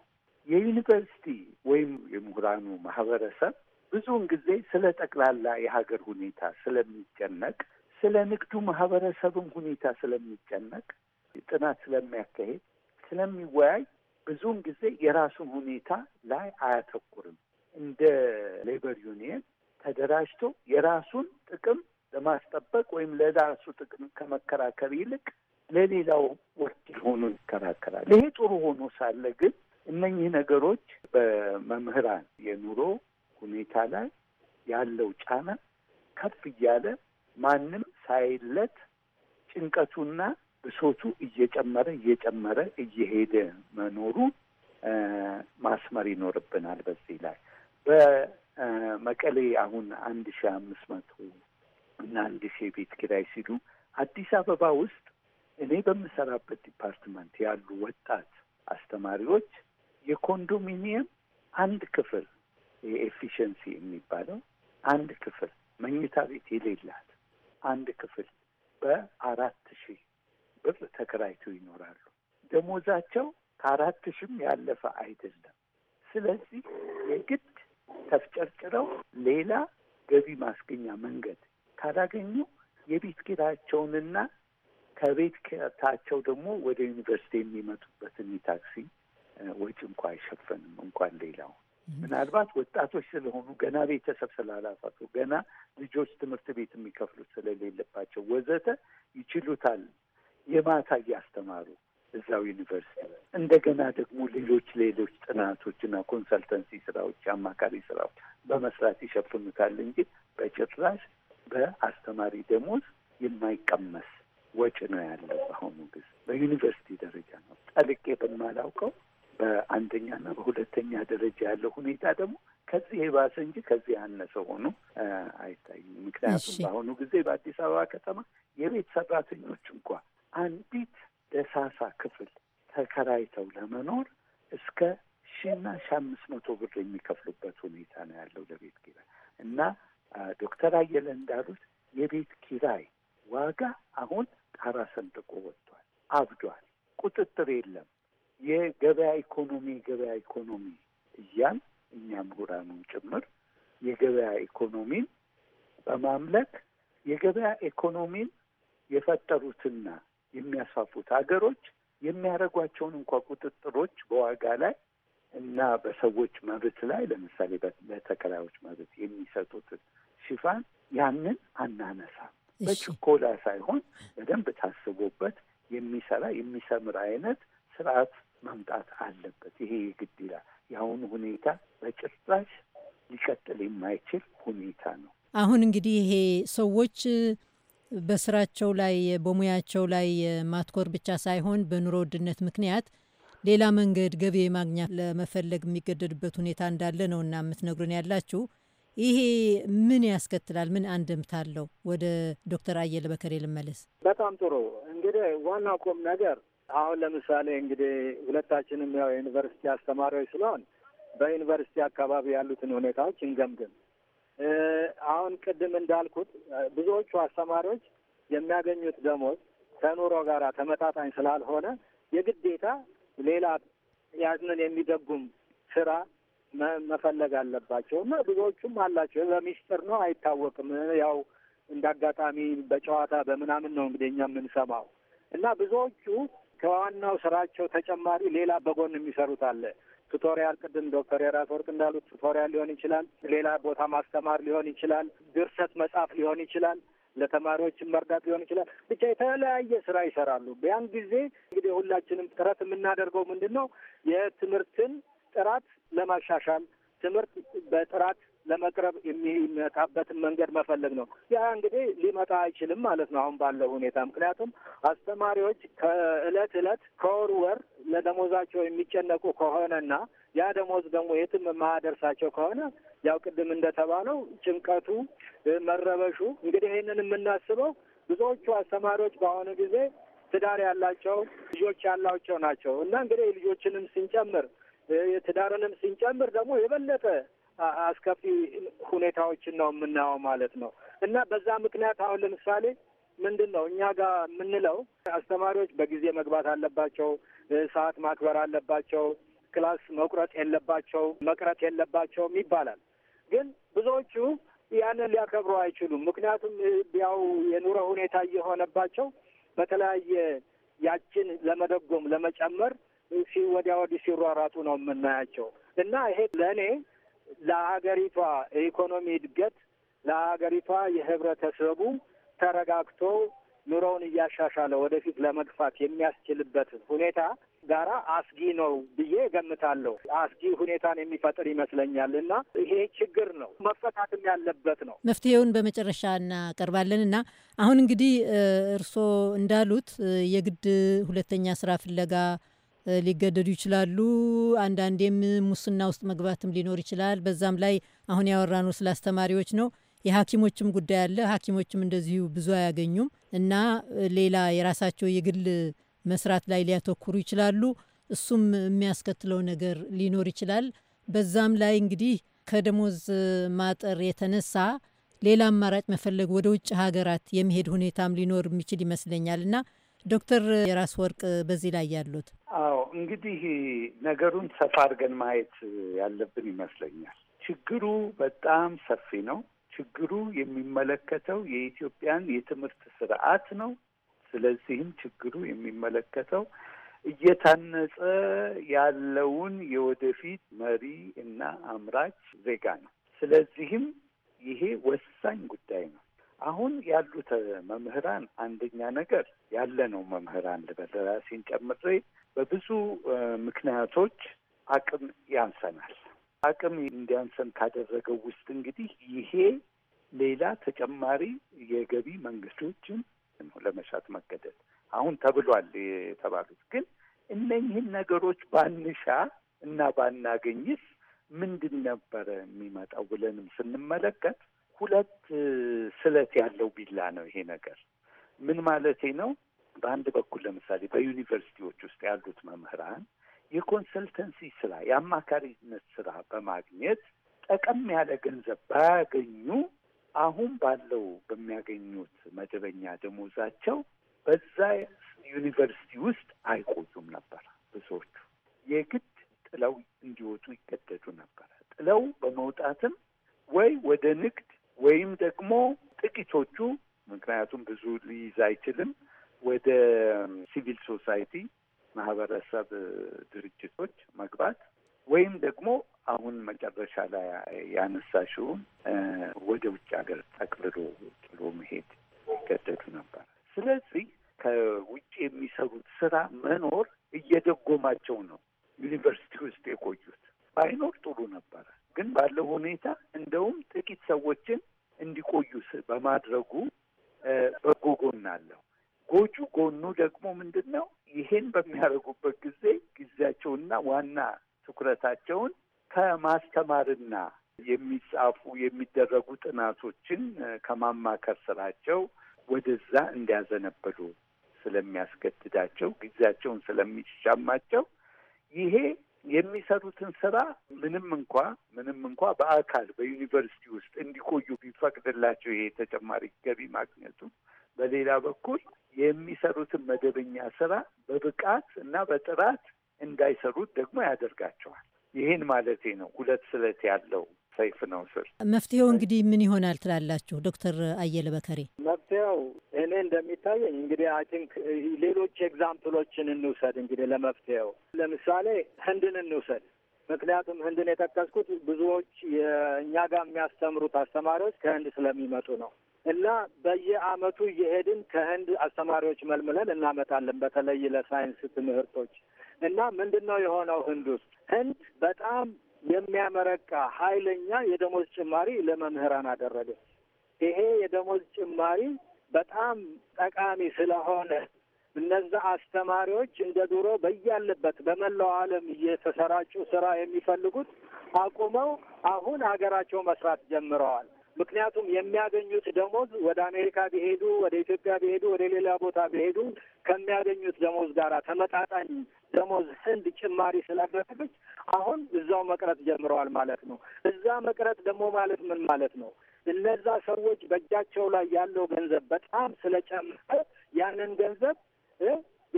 የዩኒቨርሲቲ ወይም የምሁራኑ ማህበረሰብ ብዙውን ጊዜ ስለ ጠቅላላ የሀገር ሁኔታ ስለሚጨነቅ፣ ስለ ንግዱ ማህበረሰብም ሁኔታ ስለሚጨነቅ፣ ጥናት ስለሚያካሄድ፣ ስለሚወያይ ብዙውን ጊዜ የራሱን ሁኔታ ላይ አያተኩርም። እንደ ሌበር ዩኒየን ተደራጅቶ የራሱን ጥቅም ለማስጠበቅ ወይም ለራሱ ጥቅም ከመከራከር ይልቅ ለሌላው ወኪል ሆኖ ይከራከራል። ይሄ ጥሩ ሆኖ ሳለ ግን እነኚህ ነገሮች በመምህራን የኑሮ ሁኔታ ላይ ያለው ጫና ከፍ እያለ ማንም ሳይለት ጭንቀቱና ብሶቱ እየጨመረ እየጨመረ እየሄደ መኖሩ ማስመር ይኖርብናል። በዚህ ላይ በመቀሌ አሁን አንድ ሺህ አምስት መቶ እና አንዲት የቤት ኪራይ ሲሉ አዲስ አበባ ውስጥ እኔ በምሰራበት ዲፓርትመንት ያሉ ወጣት አስተማሪዎች የኮንዶሚኒየም አንድ ክፍል የኤፊሽንሲ የሚባለው አንድ ክፍል መኝታ ቤት የሌላት አንድ ክፍል በአራት ሺህ ብር ተከራይቶ ይኖራሉ። ደሞዛቸው ከአራት ሺህም ያለፈ አይደለም። ስለዚህ የግድ ተፍጨርጭረው ሌላ ገቢ ማስገኛ መንገድ ካላገኙ የቤት ኪራያቸውንና ከቤት ኪራያቸው ደግሞ ወደ ዩኒቨርሲቲ የሚመጡበትን የታክሲ ወጪ እንኳ አይሸፈንም እንኳን ሌላው ምናልባት ወጣቶች ስለሆኑ ገና ቤተሰብ ስላላፋቱ ገና ልጆች ትምህርት ቤት የሚከፍሉት ስለሌለባቸው ወዘተ ይችሉታል የማታ እያስተማሩ እዛው ዩኒቨርሲቲ እንደገና ደግሞ ሌሎች ሌሎች ጥናቶችና ኮንሰልተንሲ ስራዎች፣ አማካሪ ስራዎች በመስራት ይሸፍኑታል እንጂ በጭራሽ በአስተማሪ ደሞዝ የማይቀመስ ወጪ ነው ያለው። በአሁኑ ጊዜ በዩኒቨርሲቲ ደረጃ ነው ጠልቄ በማላውቀው በአንደኛና በሁለተኛ ደረጃ ያለው ሁኔታ ደግሞ ከዚህ የባሰ እንጂ ከዚህ ያነሰ ሆኖ አይታይም። ምክንያቱም በአሁኑ ጊዜ በአዲስ አበባ ከተማ የቤት ሰራተኞች እንኳ አንዲት ደሳሳ ክፍል ተከራይተው ለመኖር እስከ ሺና ሺ አምስት መቶ ብር የሚከፍሉበት ሁኔታ ነው ያለው ለቤት ኪራይ እና ዶክተር አየለ እንዳሉት የቤት ኪራይ ዋጋ አሁን ጣራ ሰንጥቆ ወጥቷል፣ አብዷል። ቁጥጥር የለም። የገበያ ኢኮኖሚ የገበያ ኢኮኖሚ እያል እኛ ምሁራኑም ጭምር የገበያ ኢኮኖሚን በማምለክ የገበያ ኢኮኖሚን የፈጠሩትና የሚያስፋፉት ሀገሮች የሚያደርጓቸውን እንኳ ቁጥጥሮች በዋጋ ላይ እና በሰዎች መብት ላይ ለምሳሌ በተከራዮች መብት የሚሰጡትን ሽፋን ያንን አናነሳም። በችኮላ ሳይሆን በደንብ ታስቦበት የሚሰራ የሚሰምር አይነት ስርዓት መምጣት አለበት። ይሄ የግድ ይላል። የአሁኑ ሁኔታ በጭራሽ ሊቀጥል የማይችል ሁኔታ ነው። አሁን እንግዲህ ይሄ ሰዎች በስራቸው ላይ በሙያቸው ላይ ማትኮር ብቻ ሳይሆን በኑሮ ውድነት ምክንያት ሌላ መንገድ ገቢ ማግኛ ለመፈለግ የሚገደድበት ሁኔታ እንዳለ ነው እና የምትነግሩን ያላችሁ ይሄ ምን ያስከትላል? ምን አንድምታ አለው? ወደ ዶክተር አየለ በከሬ ልመለስ። በጣም ጥሩ እንግዲህ ዋና ቁም ነገር አሁን ለምሳሌ እንግዲህ ሁለታችንም ያው የዩኒቨርሲቲ አስተማሪዎች ስለሆን በዩኒቨርሲቲ አካባቢ ያሉትን ሁኔታዎች እንገምግም። አሁን ቅድም እንዳልኩት ብዙዎቹ አስተማሪዎች የሚያገኙት ደሞዝ ከኑሮ ጋር ተመጣጣኝ ስላልሆነ የግዴታ ሌላ ያንን የሚደጉም ስራ መፈለግ አለባቸው እና ብዙዎቹም አላቸው። በሚስጥር ነው አይታወቅም። ያው እንደ አጋጣሚ በጨዋታ በምናምን ነው እንግዲህ እኛ የምንሰማው እና ብዙዎቹ ከዋናው ስራቸው ተጨማሪ ሌላ በጎን የሚሰሩት አለ። ቱቶሪያል፣ ቅድም ዶክተር የራስ ወርቅ እንዳሉት ቱቶሪያል ሊሆን ይችላል። ሌላ ቦታ ማስተማር ሊሆን ይችላል። ድርሰት መጻፍ ሊሆን ይችላል። ለተማሪዎችን መርዳት ሊሆን ይችላል። ብቻ የተለያየ ስራ ይሰራሉ። ቢያን ጊዜ እንግዲህ ሁላችንም ጥረት የምናደርገው ምንድን ነው የትምህርትን ጥራት ለማሻሻል ትምህርት በጥራት ለመቅረብ የሚመጣበትን መንገድ መፈለግ ነው። ያ እንግዲህ ሊመጣ አይችልም ማለት ነው አሁን ባለው ሁኔታ። ምክንያቱም አስተማሪዎች ከእለት እለት ከወር ወር ለደሞዛቸው የሚጨነቁ ከሆነና ያ ደሞዝ ደግሞ የትም የማያደርሳቸው ከሆነ ያው ቅድም እንደተባለው ጭንቀቱ፣ መረበሹ እንግዲህ ይህንን የምናስበው ብዙዎቹ አስተማሪዎች በአሁኑ ጊዜ ትዳር ያላቸው ልጆች ያላቸው ናቸው እና እንግዲህ ልጆችንም ስንጨምር የትዳርንም ሲንጨምር ደግሞ የበለጠ አስከፊ ሁኔታዎችን ነው የምናየው ማለት ነው። እና በዛ ምክንያት አሁን ለምሳሌ ምንድን ነው እኛ ጋር የምንለው አስተማሪዎች በጊዜ መግባት አለባቸው፣ ሰዓት ማክበር አለባቸው፣ ክላስ መቁረጥ የለባቸው መቅረት የለባቸውም ይባላል። ግን ብዙዎቹ ያንን ሊያከብሩ አይችሉም። ምክንያቱም ያው የኑሮ ሁኔታ እየሆነባቸው በተለያየ ያችን ለመደጎም ለመጨመር ወዲያ ወዲህ ሲሯራጡ ነው የምናያቸው እና ይሄ ለእኔ ለሀገሪቷ የኢኮኖሚ እድገት ለሀገሪቷ የህብረተሰቡ ተረጋግቶ ኑሮውን እያሻሻለ ወደፊት ለመግፋት የሚያስችልበት ሁኔታ ጋራ አስጊ ነው ብዬ ገምታለሁ። አስጊ ሁኔታን የሚፈጥር ይመስለኛል እና ይሄ ችግር ነው መፈታትም ያለበት ነው። መፍትሄውን በመጨረሻ እናቀርባለን እና አሁን እንግዲህ እርስዎ እንዳሉት የግድ ሁለተኛ ስራ ፍለጋ ሊገደዱ ይችላሉ። አንዳንዴም ሙስና ውስጥ መግባትም ሊኖር ይችላል። በዛም ላይ አሁን ያወራነው ስለ አስተማሪዎች ነው። የሐኪሞችም ጉዳይ አለ። ሐኪሞችም እንደዚሁ ብዙ አያገኙም እና ሌላ የራሳቸው የግል መስራት ላይ ሊያተኩሩ ይችላሉ። እሱም የሚያስከትለው ነገር ሊኖር ይችላል። በዛም ላይ እንግዲህ ከደሞዝ ማጠር የተነሳ ሌላ አማራጭ መፈለግ ወደ ውጭ ሀገራት የመሄድ ሁኔታም ሊኖር የሚችል ይመስለኛል እና ዶክተር የራስ ወርቅ በዚህ ላይ ያሉት? አዎ እንግዲህ ነገሩን ሰፋ አድርገን ማየት ያለብን ይመስለኛል። ችግሩ በጣም ሰፊ ነው። ችግሩ የሚመለከተው የኢትዮጵያን የትምህርት ስርዓት ነው። ስለዚህም ችግሩ የሚመለከተው እየታነጸ ያለውን የወደፊት መሪ እና አምራች ዜጋ ነው። ስለዚህም ይሄ ወሳኝ ጉዳይ ነው። አሁን ያሉት መምህራን አንደኛ ነገር ያለ ነው መምህራን ልበል ራሴን ጨምሬ በብዙ ምክንያቶች አቅም ያንሰናል። አቅም እንዲያንሰን ካደረገው ውስጥ እንግዲህ ይሄ ሌላ ተጨማሪ የገቢ መንግስቶችን ነው ለመሻት መገደል አሁን ተብሏል የተባሉት ግን እነኝህን ነገሮች ባንሻ እና ባናገኝስ ምንድን ነበረ የሚመጣው ብለንም ስንመለከት ሁለት ስለት ያለው ቢላ ነው ይሄ ነገር። ምን ማለቴ ነው? በአንድ በኩል ለምሳሌ በዩኒቨርሲቲዎች ውስጥ ያሉት መምህራን የኮንሰልተንሲ ስራ የአማካሪነት ስራ በማግኘት ጠቀም ያለ ገንዘብ ባያገኙ አሁን ባለው በሚያገኙት መደበኛ ደሞዛቸው በዛ ዩኒቨርሲቲ ውስጥ አይቆዩም ነበር። ብዙዎቹ የግድ ጥለው እንዲወጡ ይገደዱ ነበረ። ጥለው በመውጣትም ወይ ወደ ንግድ ወይም ደግሞ ጥቂቶቹ ምክንያቱም ብዙ ሊይዝ አይችልም ወደ ሲቪል ሶሳይቲ ማህበረሰብ ድርጅቶች መግባት ወይም ደግሞ አሁን መጨረሻ ላይ ያነሳሽውን ወደ ውጭ ሀገር ጠቅልሎ ጥሎ መሄድ ይገደዱ ነበር። ስለዚህ ከውጭ የሚሰሩት ስራ መኖር እየደጎማቸው ነው ዩኒቨርሲቲ ውስጥ የቆዩት። ባይኖር ጥሩ ነበረ። ግን ባለው ሁኔታ እንደውም ጥቂት ሰዎችን እንዲቆዩ በማድረጉ በጎ ጎን አለው። ጎጁ ጎኑ ደግሞ ምንድን ነው? ይሄን በሚያደርጉበት ጊዜ ጊዜያቸውና ዋና ትኩረታቸውን ከማስተማርና የሚጻፉ የሚደረጉ ጥናቶችን ከማማከር ስራቸው ወደዛ እንዲያዘነብሉ ስለሚያስገድዳቸው ጊዜያቸውን ስለሚሻማቸው ይሄ የሚሰሩትን ስራ ምንም እንኳ ምንም እንኳ በአካል በዩኒቨርሲቲ ውስጥ እንዲቆዩ ቢፈቅድላቸው ይሄ ተጨማሪ ገቢ ማግኘቱ፣ በሌላ በኩል የሚሰሩትን መደበኛ ስራ በብቃት እና በጥራት እንዳይሰሩት ደግሞ ያደርጋቸዋል። ይህን ማለቴ ነው። ሁለት ስለት ያለው ሰይፍ ነው ስር መፍትሄው እንግዲህ ምን ይሆናል ትላላችሁ ዶክተር አየለ በከሬ? መፍትሄው እኔ እንደሚታየኝ እንግዲህ አይ ቲንክ ሌሎች ኤግዛምፕሎችን እንውሰድ እንግዲህ ለመፍትሄው ለምሳሌ ህንድን እንውሰድ። ምክንያቱም ህንድን የጠቀስኩት ብዙዎች የእኛ ጋር የሚያስተምሩት አስተማሪዎች ከህንድ ስለሚመጡ ነው እና በየአመቱ እየሄድን ከህንድ አስተማሪዎች መልምለን እናመጣለን በተለይ ለሳይንስ ትምህርቶች እና ምንድን ነው የሆነው ህንድ ውስጥ ህንድ በጣም የሚያመረቃ ኃይለኛ የደሞዝ ጭማሪ ለመምህራን አደረገ። ይሄ የደሞዝ ጭማሪ በጣም ጠቃሚ ስለሆነ እነዛ አስተማሪዎች እንደ ድሮ በያለበት በመላው ዓለም እየተሰራጩ ስራ የሚፈልጉት አቁመው አሁን ሀገራቸው መስራት ጀምረዋል። ምክንያቱም የሚያገኙት ደሞዝ ወደ አሜሪካ ቢሄዱ ወደ ኢትዮጵያ ቢሄዱ ወደ ሌላ ቦታ ቢሄዱ ከሚያገኙት ደሞዝ ጋር ተመጣጣኝ ደሞዝ ህንድ ጭማሪ ስላደረገች አሁን እዛው መቅረት ጀምረዋል ማለት ነው። እዛ መቅረት ደግሞ ማለት ምን ማለት ነው? እነዛ ሰዎች በእጃቸው ላይ ያለው ገንዘብ በጣም ስለጨመረ ያንን ገንዘብ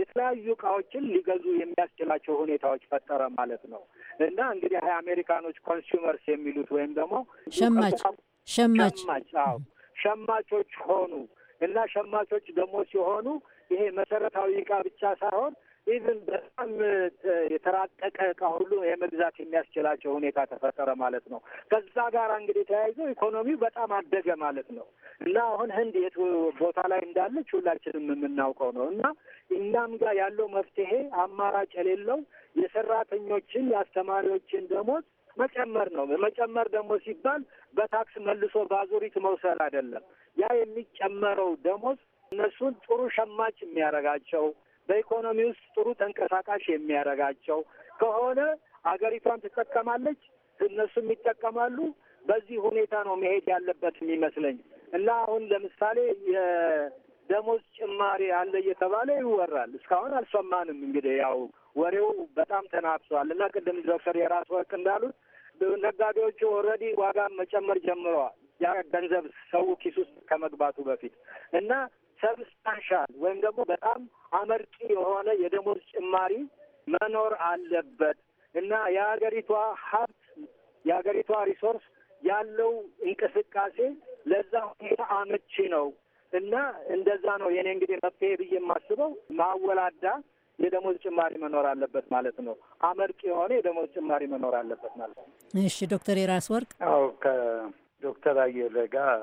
የተለያዩ እቃዎችን ሊገዙ የሚያስችላቸው ሁኔታዎች ፈጠረ ማለት ነው። እና እንግዲህ አሜሪካኖች ኮንሱመርስ የሚሉት ወይም ደግሞ ሸማች ሸማች ሸማቾች ሆኑ እና ሸማቾች ደግሞ ሲሆኑ ይሄ መሰረታዊ እቃ ብቻ ሳይሆን ኢቭን በጣም የተራቀቀ እቃ ሁሉ የመግዛት የሚያስችላቸው ሁኔታ ተፈጠረ ማለት ነው። ከዛ ጋር እንግዲህ ተያይዞ ኢኮኖሚው በጣም አደገ ማለት ነው እና አሁን ህንድ የት ቦታ ላይ እንዳለች ሁላችንም የምናውቀው ነው እና እኛም ጋር ያለው መፍትሄ አማራጭ የሌለው የሰራተኞችን የአስተማሪዎችን ደሞዝ መጨመር ነው። መጨመር ደግሞ ሲባል በታክስ መልሶ በአዙሪት መውሰድ አይደለም። ያ የሚጨመረው ደሞዝ እነሱን ጥሩ ሸማች የሚያደርጋቸው በኢኮኖሚ ውስጥ ጥሩ ተንቀሳቃሽ የሚያደርጋቸው ከሆነ አገሪቷን ትጠቀማለች፣ እነሱም ይጠቀማሉ። በዚህ ሁኔታ ነው መሄድ ያለበት የሚመስለኝ እና አሁን ለምሳሌ የደሞዝ ጭማሪ አለ እየተባለ ይወራል። እስካሁን አልሰማንም። እንግዲህ ያው ወሬው በጣም ተናፍሷል እና ቅድም ዶክተር የራስ ወርቅ እንዳሉት ነጋዴዎቹ ኦልሬዲ ዋጋ መጨመር ጀምረዋል። ያ ገንዘብ ሰው ኪስ ውስጥ ከመግባቱ በፊት እና ሰብስታንሻል ወይም ደግሞ በጣም አመርቂ የሆነ የደሞዝ ጭማሪ መኖር አለበት እና የሀገሪቷ ሀብት የሀገሪቷ ሪሶርስ ያለው እንቅስቃሴ ለዛ ሁኔታ አመቺ ነው እና እንደዛ ነው የኔ እንግዲህ መፍትሄ ብዬ የማስበው ማወላዳ የደሞዝ ጭማሪ መኖር አለበት ማለት ነው። አመርቂ የሆነ የደሞዝ ጭማሪ መኖር አለበት ማለት ነው። እሺ ዶክተር የራስ ወርቅ አዎ፣ ከዶክተር አየለ ጋር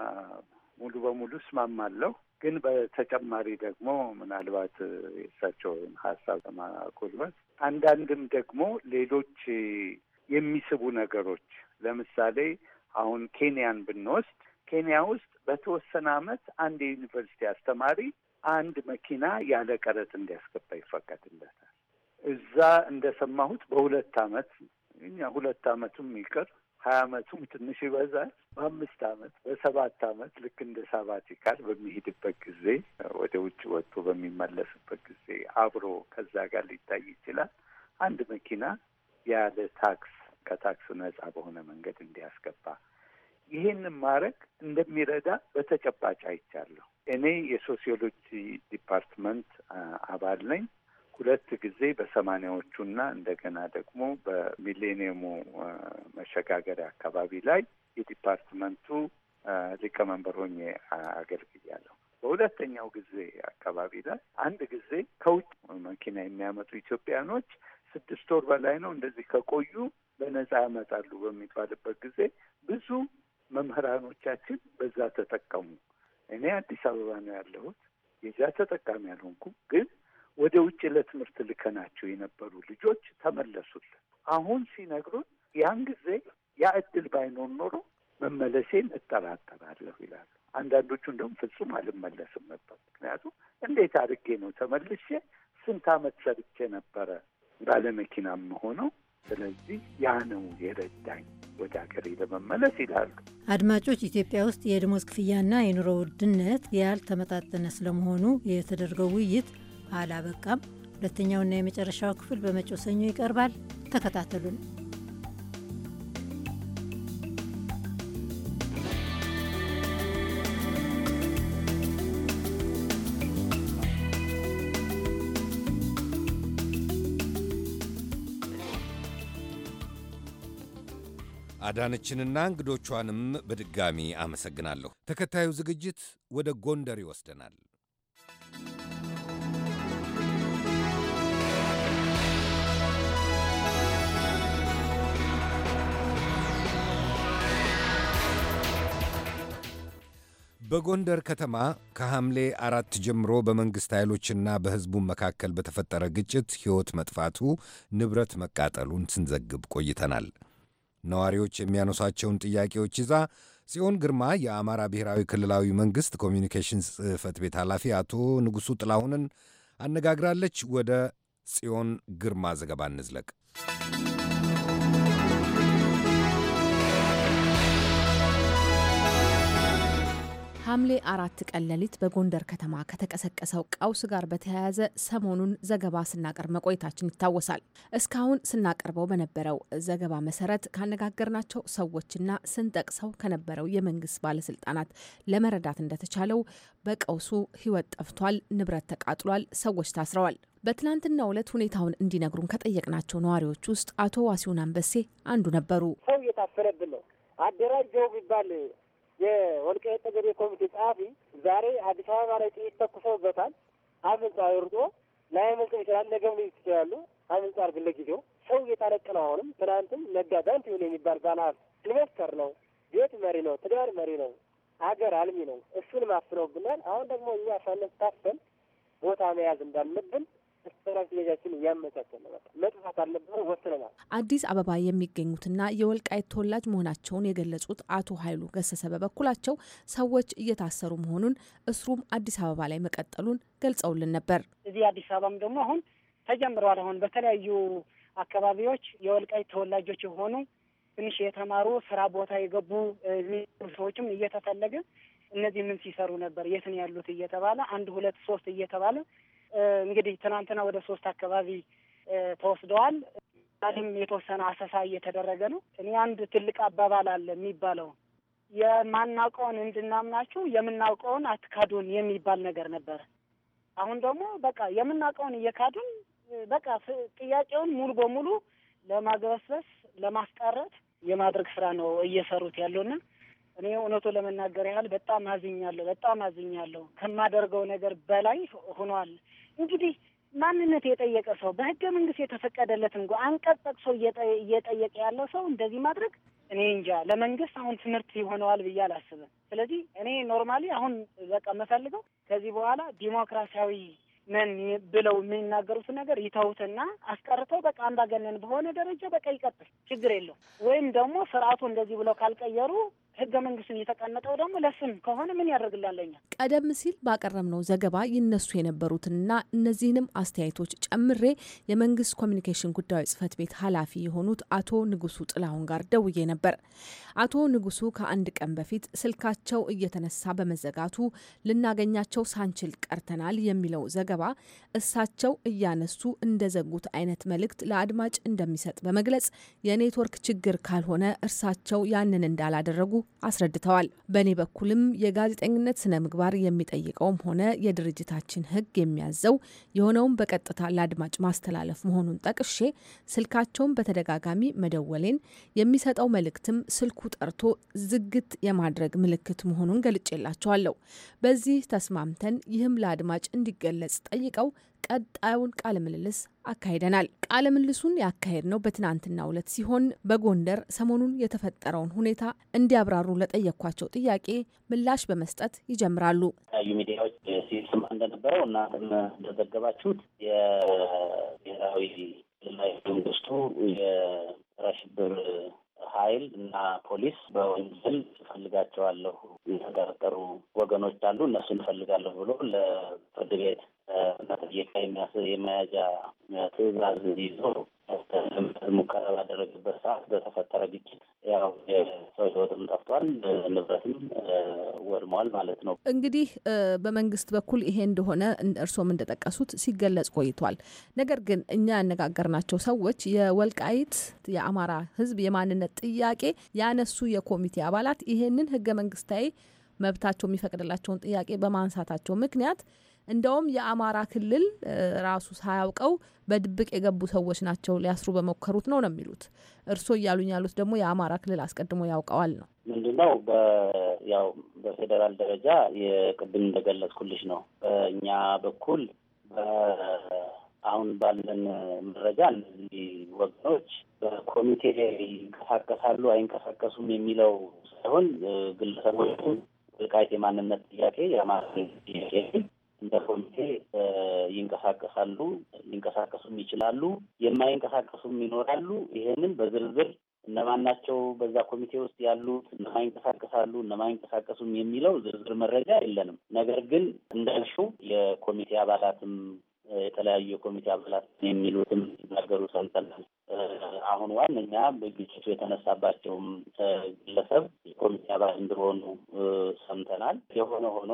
ሙሉ በሙሉ እስማማለሁ። ግን በተጨማሪ ደግሞ ምናልባት የእሳቸውን ሀሳብ ለማጎልበት አንዳንድም ደግሞ ሌሎች የሚስቡ ነገሮች ለምሳሌ አሁን ኬንያን ብንወስድ ኬንያ ውስጥ በተወሰነ ዓመት አንድ የዩኒቨርሲቲ አስተማሪ አንድ መኪና ያለ ቀረጥ እንዲያስገባ ይፈቀድለታል። እዛ እንደሰማሁት በሁለት አመት እኛ ሁለት አመቱም ይቅር ሀያ አመቱም ትንሽ ይበዛል። በአምስት አመት በሰባት አመት ልክ እንደ ሳባቲካል በሚሄድበት ጊዜ ወደ ውጭ ወጥቶ በሚመለስበት ጊዜ አብሮ ከዛ ጋር ሊታይ ይችላል። አንድ መኪና ያለ ታክስ ከታክስ ነጻ በሆነ መንገድ እንዲያስገባ ይሄንን ማድረግ እንደሚረዳ በተጨባጭ አይቻለሁ። እኔ የሶሲዮሎጂ ዲፓርትመንት አባል ነኝ። ሁለት ጊዜ በሰማኒያዎቹና እንደገና ደግሞ በሚሌኒየሙ መሸጋገሪያ አካባቢ ላይ የዲፓርትመንቱ ሊቀመንበር ሆኜ አገልግያለሁ። በሁለተኛው ጊዜ አካባቢ ላይ አንድ ጊዜ ከውጭ መኪና የሚያመጡ ኢትዮጵያኖች ስድስት ወር በላይ ነው እንደዚህ ከቆዩ በነጻ ያመጣሉ በሚባልበት ጊዜ ብዙ መምህራኖቻችን በዛ ተጠቀሙ። እኔ አዲስ አበባ ነው ያለሁት፣ የዛ ተጠቃሚ ያልሆንኩም፣ ግን ወደ ውጭ ለትምህርት ልከናቸው የነበሩ ልጆች ተመለሱልን። አሁን ሲነግሩን ያን ጊዜ ያ እድል ባይኖር ኖሮ መመለሴን እጠራጠራለሁ ይላሉ። አንዳንዶቹ እንደውም ፍጹም አልመለስም ነበር። ምክንያቱም እንዴት አድርጌ ነው ተመልሼ ስንት ዓመት ሰርቼ ነበረ ባለመኪናም ሆነው። ስለዚህ ያ ነው የረዳኝ። ወደ ሀገሬ ለመመለስ ይላሉ። አድማጮች፣ ኢትዮጵያ ውስጥ የደሞዝ ክፍያና የኑሮ ውድነት ያልተመጣጠነ ስለመሆኑ የተደረገው ውይይት አላበቃም። ሁለተኛውና የመጨረሻው ክፍል በመጪው ሰኞ ይቀርባል። ተከታተሉን። አዳነችንና እንግዶቿንም በድጋሚ አመሰግናለሁ። ተከታዩ ዝግጅት ወደ ጎንደር ይወስደናል። በጎንደር ከተማ ከሐምሌ አራት ጀምሮ በመንግሥት ኃይሎችና በሕዝቡ መካከል በተፈጠረ ግጭት ሕይወት መጥፋቱ፣ ንብረት መቃጠሉን ስንዘግብ ቆይተናል። ነዋሪዎች የሚያነሷቸውን ጥያቄዎች ይዛ ጽዮን ግርማ የአማራ ብሔራዊ ክልላዊ መንግስት ኮሚኒኬሽንስ ጽህፈት ቤት ኃላፊ አቶ ንጉሱ ጥላሁንን አነጋግራለች። ወደ ጽዮን ግርማ ዘገባ እንዝለቅ። ሐምሌ አራት ቀን ሌሊት በጎንደር ከተማ ከተቀሰቀሰው ቀውስ ጋር በተያያዘ ሰሞኑን ዘገባ ስናቀርብ መቆየታችን ይታወሳል። እስካሁን ስናቀርበው በነበረው ዘገባ መሰረት ካነጋገርናቸው ሰዎችና ስንጠቅሰው ከነበረው የመንግስት ባለስልጣናት ለመረዳት እንደተቻለው በቀውሱ ሕይወት ጠፍቷል፣ ንብረት ተቃጥሏል፣ ሰዎች ታስረዋል። በትናንትና ዕለት ሁኔታውን እንዲነግሩን ከጠየቅናቸው ነዋሪዎች ውስጥ አቶ ዋሲሁን አንበሴ አንዱ ነበሩ። ሰው እየታፈነብን ነው። አደራጀው የሚባል የወልቃይት ጠገዴ ኮሚቴ ጸሐፊ ዛሬ አዲስ አበባ ላይ ጥይት ተኩሰውበታል። አመልጦ አውርጦ ላያመልጥ ይችላል። ነገም ልጅ ትችላሉ። አመልጦ አርግ ለጊዜው ሰው እየታረቀ ነው። አሁንም ትናንትም ነጋ ይሁን የሚባል ባለሀብት ኢንቨስተር ነው፣ ቤት መሪ ነው፣ ትዳር መሪ ነው፣ አገር አልሚ ነው። እሱን ማፍነውብናል። አሁን ደግሞ እኛ ሳነስ ታፈን ቦታ መያዝ እንዳለብን አዲስ አበባ የሚገኙትና የወልቃይት ተወላጅ መሆናቸውን የገለጹት አቶ ኃይሉ ገሰሰ በበኩላቸው ሰዎች እየታሰሩ መሆኑን እስሩም አዲስ አበባ ላይ መቀጠሉን ገልጸውልን ነበር። እዚህ አዲስ አበባም ደግሞ አሁን ተጀምረዋል። አሁን በተለያዩ አካባቢዎች የወልቃይት ተወላጆች የሆኑ ትንሽ የተማሩ ስራ ቦታ የገቡ ሰዎችም እየተፈለገ እነዚህ ምን ሲሰሩ ነበር፣ የት ነው ያሉት እየተባለ አንድ ሁለት ሶስት እየተባለ እንግዲህ ትናንትና ወደ ሶስት አካባቢ ተወስደዋል። ዛሬም የተወሰነ አሰሳ እየተደረገ ነው። እኔ አንድ ትልቅ አባባል አለ የሚባለው የማናውቀውን እንድናምናችሁ የምናውቀውን አትካዱን የሚባል ነገር ነበር። አሁን ደግሞ በቃ የምናውቀውን እየካዱን በቃ ጥያቄውን ሙሉ በሙሉ ለማግበስበስ ለማስቀረት የማድረግ ስራ ነው እየሰሩት ያለውና እኔ እውነቱ ለመናገር ያህል በጣም አዝኛለሁ፣ በጣም አዝኛለሁ። ከማደርገው ነገር በላይ ሆኗል። እንግዲህ ማንነት የጠየቀ ሰው በህገ መንግስት የተፈቀደለት እንጎ አንቀጽ ጠቅሶ እየጠየቀ ያለ ሰው እንደዚህ ማድረግ እኔ እንጃ ለመንግስት አሁን ትምህርት ይሆነዋል ብዬ አላስብም። ስለዚህ እኔ ኖርማሊ አሁን በቃ የምፈልገው ከዚህ በኋላ ዲሞክራሲያዊ ነን ብለው የሚናገሩትን ነገር ይተውትና አስቀርተው በቃ አምባገነን በሆነ ደረጃ በቃ ይቀጥል፣ ችግር የለው። ወይም ደግሞ ስርዓቱ እንደዚህ ብለው ካልቀየሩ ህገ መንግስቱን የተቀመጠው ደግሞ ለስም ከሆነ ምን ያደርግላል ቀደም ሲል ባቀረብነው ዘገባ ይነሱ የነበሩትንና እነዚህንም አስተያየቶች ጨምሬ የመንግስት ኮሚኒኬሽን ጉዳዮች ጽህፈት ቤት ኃላፊ የሆኑት አቶ ንጉሱ ጥላሁን ጋር ደውዬ ነበር። አቶ ንጉሱ ከአንድ ቀን በፊት ስልካቸው እየተነሳ በመዘጋቱ ልናገኛቸው ሳንችል ቀርተናል የሚለው ዘገባ እሳቸው እያነሱ እንደዘጉት አይነት መልእክት ለአድማጭ እንደሚሰጥ በመግለጽ የኔትወርክ ችግር ካልሆነ እርሳቸው ያንን እንዳላደረጉ አስረድተዋል። በእኔ በኩልም የጋዜጠኝነት ስነ ምግባር የሚጠይቀውም ሆነ የድርጅታችን ሕግ የሚያዘው የሆነውን በቀጥታ ለአድማጭ ማስተላለፍ መሆኑን ጠቅሼ ስልካቸውን በተደጋጋሚ መደወሌን የሚሰጠው መልእክትም ስልኩ ጠርቶ ዝግት የማድረግ ምልክት መሆኑን ገልጬላቸዋለሁ። በዚህ ተስማምተን ይህም ለአድማጭ እንዲገለጽ ጠይቀው ቀጣዩን ቃለ ምልልስ አካሂደናል። ቃለ ምልልሱን ያካሄድ ነው በትናንትናው ዕለት ሲሆን በጎንደር ሰሞኑን የተፈጠረውን ሁኔታ እንዲያብራሩ ለጠየኳቸው ጥያቄ ምላሽ በመስጠት ይጀምራሉ። የተለያዩ ሚዲያዎች ሲሰማ እንደነበረው እና እንደዘገባችሁት የብሔራዊ ክልላዊ መንግስቱ የጸረ ሽብር ኃይል እና ፖሊስ በወንጀል እፈልጋቸዋለሁ የተጠረጠሩ ወገኖች አሉ እነሱን እፈልጋለሁ ብሎ ለፍርድ ቤት የመያዣ ትዕዛዝ ይዞ ሙከራ ባደረገበት ሰዓት በተፈጠረ ግጭት ያው የሰው ህይወትም ጠፍቷል፣ ንብረትም ወድሟል ማለት ነው። እንግዲህ በመንግስት በኩል ይሄ እንደሆነ እርስዎም እንደጠቀሱት ሲገለጽ ቆይቷል። ነገር ግን እኛ ያነጋገርናቸው ሰዎች የወልቃይት የአማራ ህዝብ የማንነት ጥያቄ ያነሱ የኮሚቴ አባላት ይሄንን ህገ መንግስታዊ መብታቸው የሚፈቅድላቸውን ጥያቄ በማንሳታቸው ምክንያት እንደውም የአማራ ክልል ራሱ ሳያውቀው በድብቅ የገቡ ሰዎች ናቸው ሊያስሩ በሞከሩት ነው ነው የሚሉት። እርስዎ እያሉኝ ያሉት ደግሞ የአማራ ክልል አስቀድሞ ያውቀዋል ነው። ምንድነው ያው በፌዴራል ደረጃ የቅድም እንደገለጽኩልሽ ነው። በእኛ በኩል አሁን ባለን መረጃ እነዚህ ወገኖች በኮሚቴ ይንቀሳቀሳሉ አይንቀሳቀሱም የሚለው ሳይሆን ግለሰቦችን ወልቃይት የማንነት ጥያቄ የአማራ ጥያቄ እንደ ኮሚቴ ይንቀሳቀሳሉ። ሊንቀሳቀሱም ይችላሉ፣ የማይንቀሳቀሱም ይኖራሉ። ይሄንን በዝርዝር እነማን ናቸው በዛ ኮሚቴ ውስጥ ያሉት፣ እነማን ይንቀሳቀሳሉ፣ እነማን አይንቀሳቀሱም የሚለው ዝርዝር መረጃ የለንም። ነገር ግን እንዳልሽው የኮሚቴ አባላትም የተለያዩ የኮሚቴ አባላት የሚሉትም ሲናገሩ ሰምተናል። አሁን ዋነኛ በግጭቱ የተነሳባቸውም ግለሰብ የኮሚቴ አባል እንደሆኑ ሰምተናል። የሆነ ሆኖ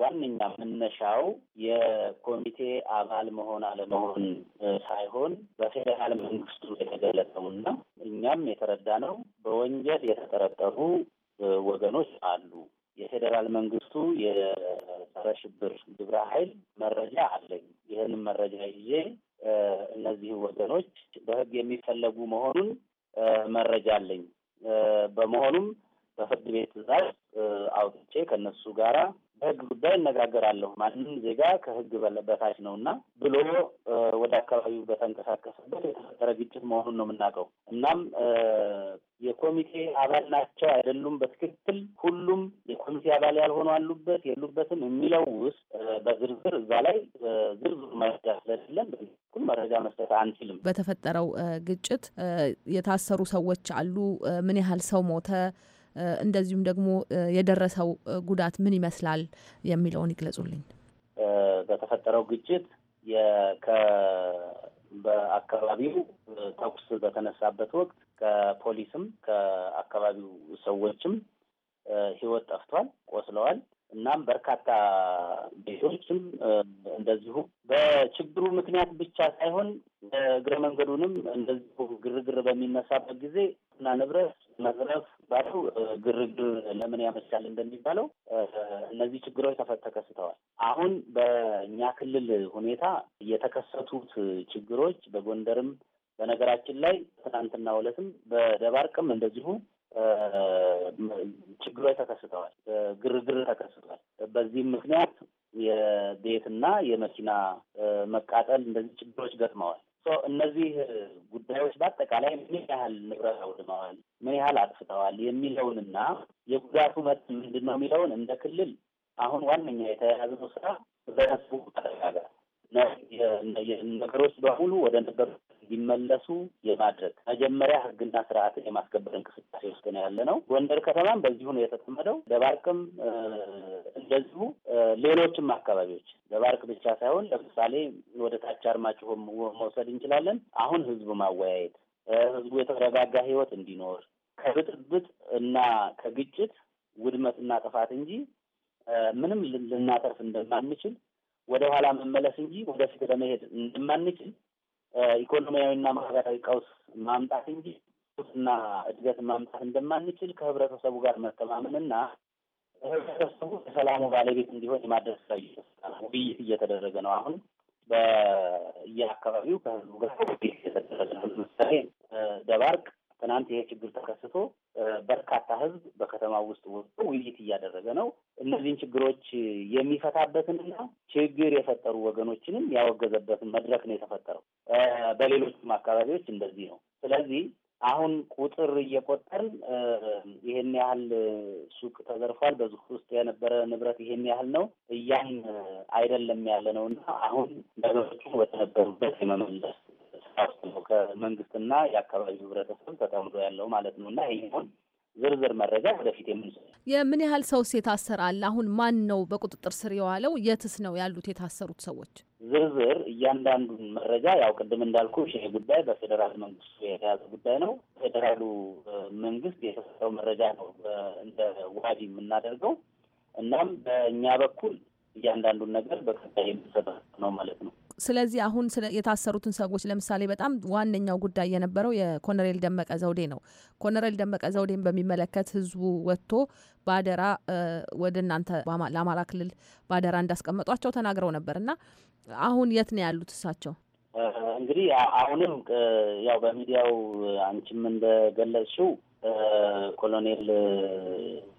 ዋነኛ መነሻው የኮሚቴ አባል መሆን አለመሆን ሳይሆን በፌዴራል መንግስቱ የተገለጸውና እኛም የተረዳ ነው በወንጀል የተጠረጠሩ ወገኖች አሉ የፌዴራል መንግስቱ የጸረ ሽብር ግብረ ኃይል መረጃ አለኝ። ይህንም መረጃ ይዤ እነዚህ ወገኖች በህግ የሚፈለጉ መሆኑን መረጃ አለኝ። በመሆኑም በፍርድ ቤት ትዕዛዝ አውጥቼ ከእነሱ ጋራ በህግ ጉዳይ እነጋገራለሁ ማንም ዜጋ ከህግ በታች ነው እና ብሎ ወደ አካባቢው በተንቀሳቀሰበት የተፈጠረ ግጭት መሆኑን ነው የምናውቀው። እናም የኮሚቴ አባል ናቸው አይደሉም፣ በትክክል ሁሉም የኮሚቴ አባል ያልሆኑ አሉበት የሉበትም የሚለው ውስጥ በዝርዝር እዛ ላይ ዝርዝር መረጃ ስለሌለን በኩል መረጃ መስጠት አንችልም። በተፈጠረው ግጭት የታሰሩ ሰዎች አሉ? ምን ያህል ሰው ሞተ? እንደዚሁም ደግሞ የደረሰው ጉዳት ምን ይመስላል የሚለውን ይግለጹልኝ። በተፈጠረው ግጭት በአካባቢው ተኩስ በተነሳበት ወቅት ከፖሊስም ከአካባቢው ሰዎችም ህይወት ጠፍቷል፣ ቆስለዋል። እናም በርካታ ቤቶችም እንደዚሁ በችግሩ ምክንያት ብቻ ሳይሆን እግረ መንገዱንም እንደዚሁ ግርግር በሚነሳበት ጊዜ እና ንብረት መዝረፍ ባሉ ግርግር ለምን ያመቻል እንደሚባለው እነዚህ ችግሮች ተከስተዋል። አሁን በእኛ ክልል ሁኔታ የተከሰቱት ችግሮች በጎንደርም በነገራችን ላይ ትናንትና ዕለትም በደባርቅም እንደዚሁ ችግሮች ተከስተዋል፣ ግርግር ተከስቷል። በዚህም ምክንያት የቤትና የመኪና መቃጠል እንደዚህ ችግሮች ገጥመዋል። እነዚህ ጉዳዮች በአጠቃላይ ምን ያህል ንብረት አውድመዋል፣ ምን ያህል አጥፍተዋል የሚለውንና የጉዳቱ መጠን ምንድን ነው የሚለውን እንደ ክልል አሁን ዋነኛ የተያያዘው ስራ ህብረተሰቡ ማረጋጋት ነገሮች በሙሉ ወደ ነበሩ? እንዲመለሱ የማድረግ መጀመሪያ ህግና ስርዓትን የማስከበር እንቅስቃሴ ውስጥ ነው ያለ ነው። ጎንደር ከተማም በዚሁ ነው የተጠመደው። ደባርቅም እንደዚሁ ሌሎችም አካባቢዎች ደባርቅ ብቻ ሳይሆን ለምሳሌ ወደ ታች አርማጭሆ መውሰድ እንችላለን። አሁን ህዝቡ ማወያየት፣ ህዝቡ የተረጋጋ ህይወት እንዲኖር ከብጥብጥ እና ከግጭት ውድመትና ጥፋት እንጂ ምንም ልናተርፍ እንደማንችል ወደ ኋላ መመለስ እንጂ ወደፊት ለመሄድ እንደማንችል ኢኮኖሚያዊና ማህበራዊ ቀውስ ማምጣት እንጂ እና እድገት ማምጣት እንደማንችል ከህብረተሰቡ ጋር መተማመንና ህብረተሰቡ የሰላሙ ባለቤት እንዲሆን የማድረግ ስራ ውይይት እየተደረገ ነው። አሁን በየአካባቢው ከህዝቡ ጋር ውይይት እየተደረገ ነው። ለምሳሌ ደባርቅ ትናንት ይሄ ችግር ተከስቶ በርካታ ህዝብ በከተማ ውስጥ ወጥቶ ውይይት እያደረገ ነው። እነዚህን ችግሮች የሚፈታበትንና ችግር የፈጠሩ ወገኖችንም ያወገዘበትን መድረክ ነው የተፈጠረው። በሌሎችም አካባቢዎች እንደዚህ ነው። ስለዚህ አሁን ቁጥር እየቆጠርን ይሄን ያህል ሱቅ ተዘርፏል፣ በዚህ ውስጥ የነበረ ንብረት ይሄን ያህል ነው እያን አይደለም ያለ ነው እና አሁን ነገሮችን ወደ የመመለስ ተሳትፎ ነው ከመንግስትና የአካባቢው ህብረተሰብ ተጠምዶ ያለው ማለት ነው እና ይሁን ዝርዝር መረጃ ወደፊት የምንስ የምን ያህል ሰውስ የታሰራል? አለ? አሁን ማን ነው በቁጥጥር ስር የዋለው? የትስ ነው ያሉት የታሰሩት ሰዎች? ዝርዝር እያንዳንዱን መረጃ ያው ቅድም እንዳልኩ ይሄ ጉዳይ በፌዴራል መንግስቱ የተያዘ ጉዳይ ነው። ፌዴራሉ መንግስት የተሰጠው መረጃ ነው እንደ ዋቢ የምናደርገው። እናም በእኛ በኩል እያንዳንዱን ነገር በቀጣይ የምንሰጠው ነው ማለት ነው። ስለዚህ አሁን የታሰሩትን ሰዎች ለምሳሌ በጣም ዋነኛው ጉዳይ የነበረው የኮነሬል ደመቀ ዘውዴ ነው። ኮነሬል ደመቀ ዘውዴን በሚመለከት ህዝቡ ወጥቶ በአደራ ወደ እናንተ ለአማራ ክልል በአደራ እንዳስቀመጧቸው ተናግረው ነበር እና አሁን የት ነው ያሉት እሳቸው? እንግዲህ አሁንም ያው በሚዲያው አንቺም እንደገለጽሽው ኮሎኔል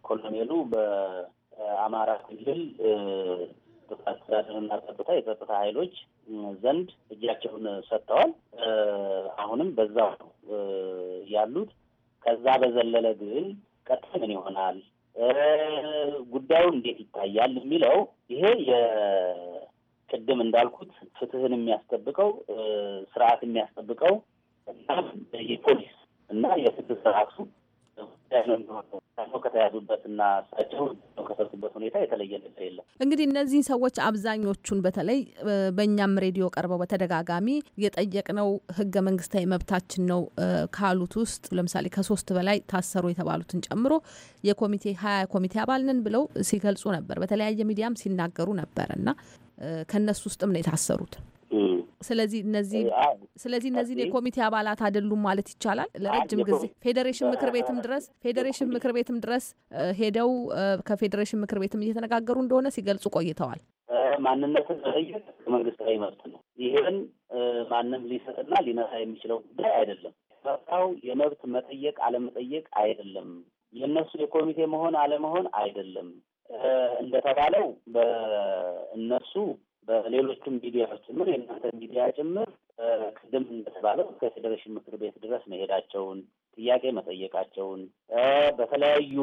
ኮሎኔሉ በአማራ ክልል አስተዳደርና ጸጥታ የጸጥታ ኃይሎች ዘንድ እጃቸውን ሰጥተዋል። አሁንም በዛው ያሉት። ከዛ በዘለለ ግን ቀጥ ምን ይሆናል ጉዳዩ እንዴት ይታያል የሚለው ይሄ የቅድም እንዳልኩት ፍትህን የሚያስጠብቀው ስርዓት የሚያስጠብቀው የፖሊስ እና የፍትህ ስርዓቱ ነው ከተያዙበትና እሳቸው ከሰጡበት ሁኔታ የተለየ ነገር የለም። እንግዲህ እነዚህ ሰዎች አብዛኞቹን በተለይ በእኛም ሬዲዮ ቀርበው በተደጋጋሚ የጠየቅነው ህገ መንግስታዊ መብታችን ነው ካሉት ውስጥ ለምሳሌ ከሶስት በላይ ታሰሩ የተባሉትን ጨምሮ የኮሚቴ ሀያ ኮሚቴ አባል ነን ብለው ሲገልጹ ነበር። በተለያየ ሚዲያም ሲናገሩ ነበር እና ከእነሱ ውስጥም ነው የታሰሩት ስለዚህ እነዚህ ስለዚህ እነዚህን የኮሚቴ አባላት አይደሉም ማለት ይቻላል። ለረጅም ጊዜ ፌዴሬሽን ምክር ቤትም ድረስ ፌዴሬሽን ምክር ቤትም ድረስ ሄደው ከፌዴሬሽን ምክር ቤትም እየተነጋገሩ እንደሆነ ሲገልጹ ቆይተዋል። ማንነትን መለየት መንግስታዊ መብት ነው። ይህን ማንም ሊሰጥና ሊነሳ የሚችለው ጉዳይ አይደለም። ፈታው የመብት መጠየቅ አለመጠየቅ አይደለም። የእነሱ የኮሚቴ መሆን አለመሆን አይደለም። እንደተባለው በእነሱ በሌሎቹም ሚዲያዎች ጭምር የእናንተ ሚዲያ ጭምር ቅድም እንደተባለው ከፌዴሬሽን ምክር ቤት ድረስ መሄዳቸውን ጥያቄ መጠየቃቸውን በተለያዩ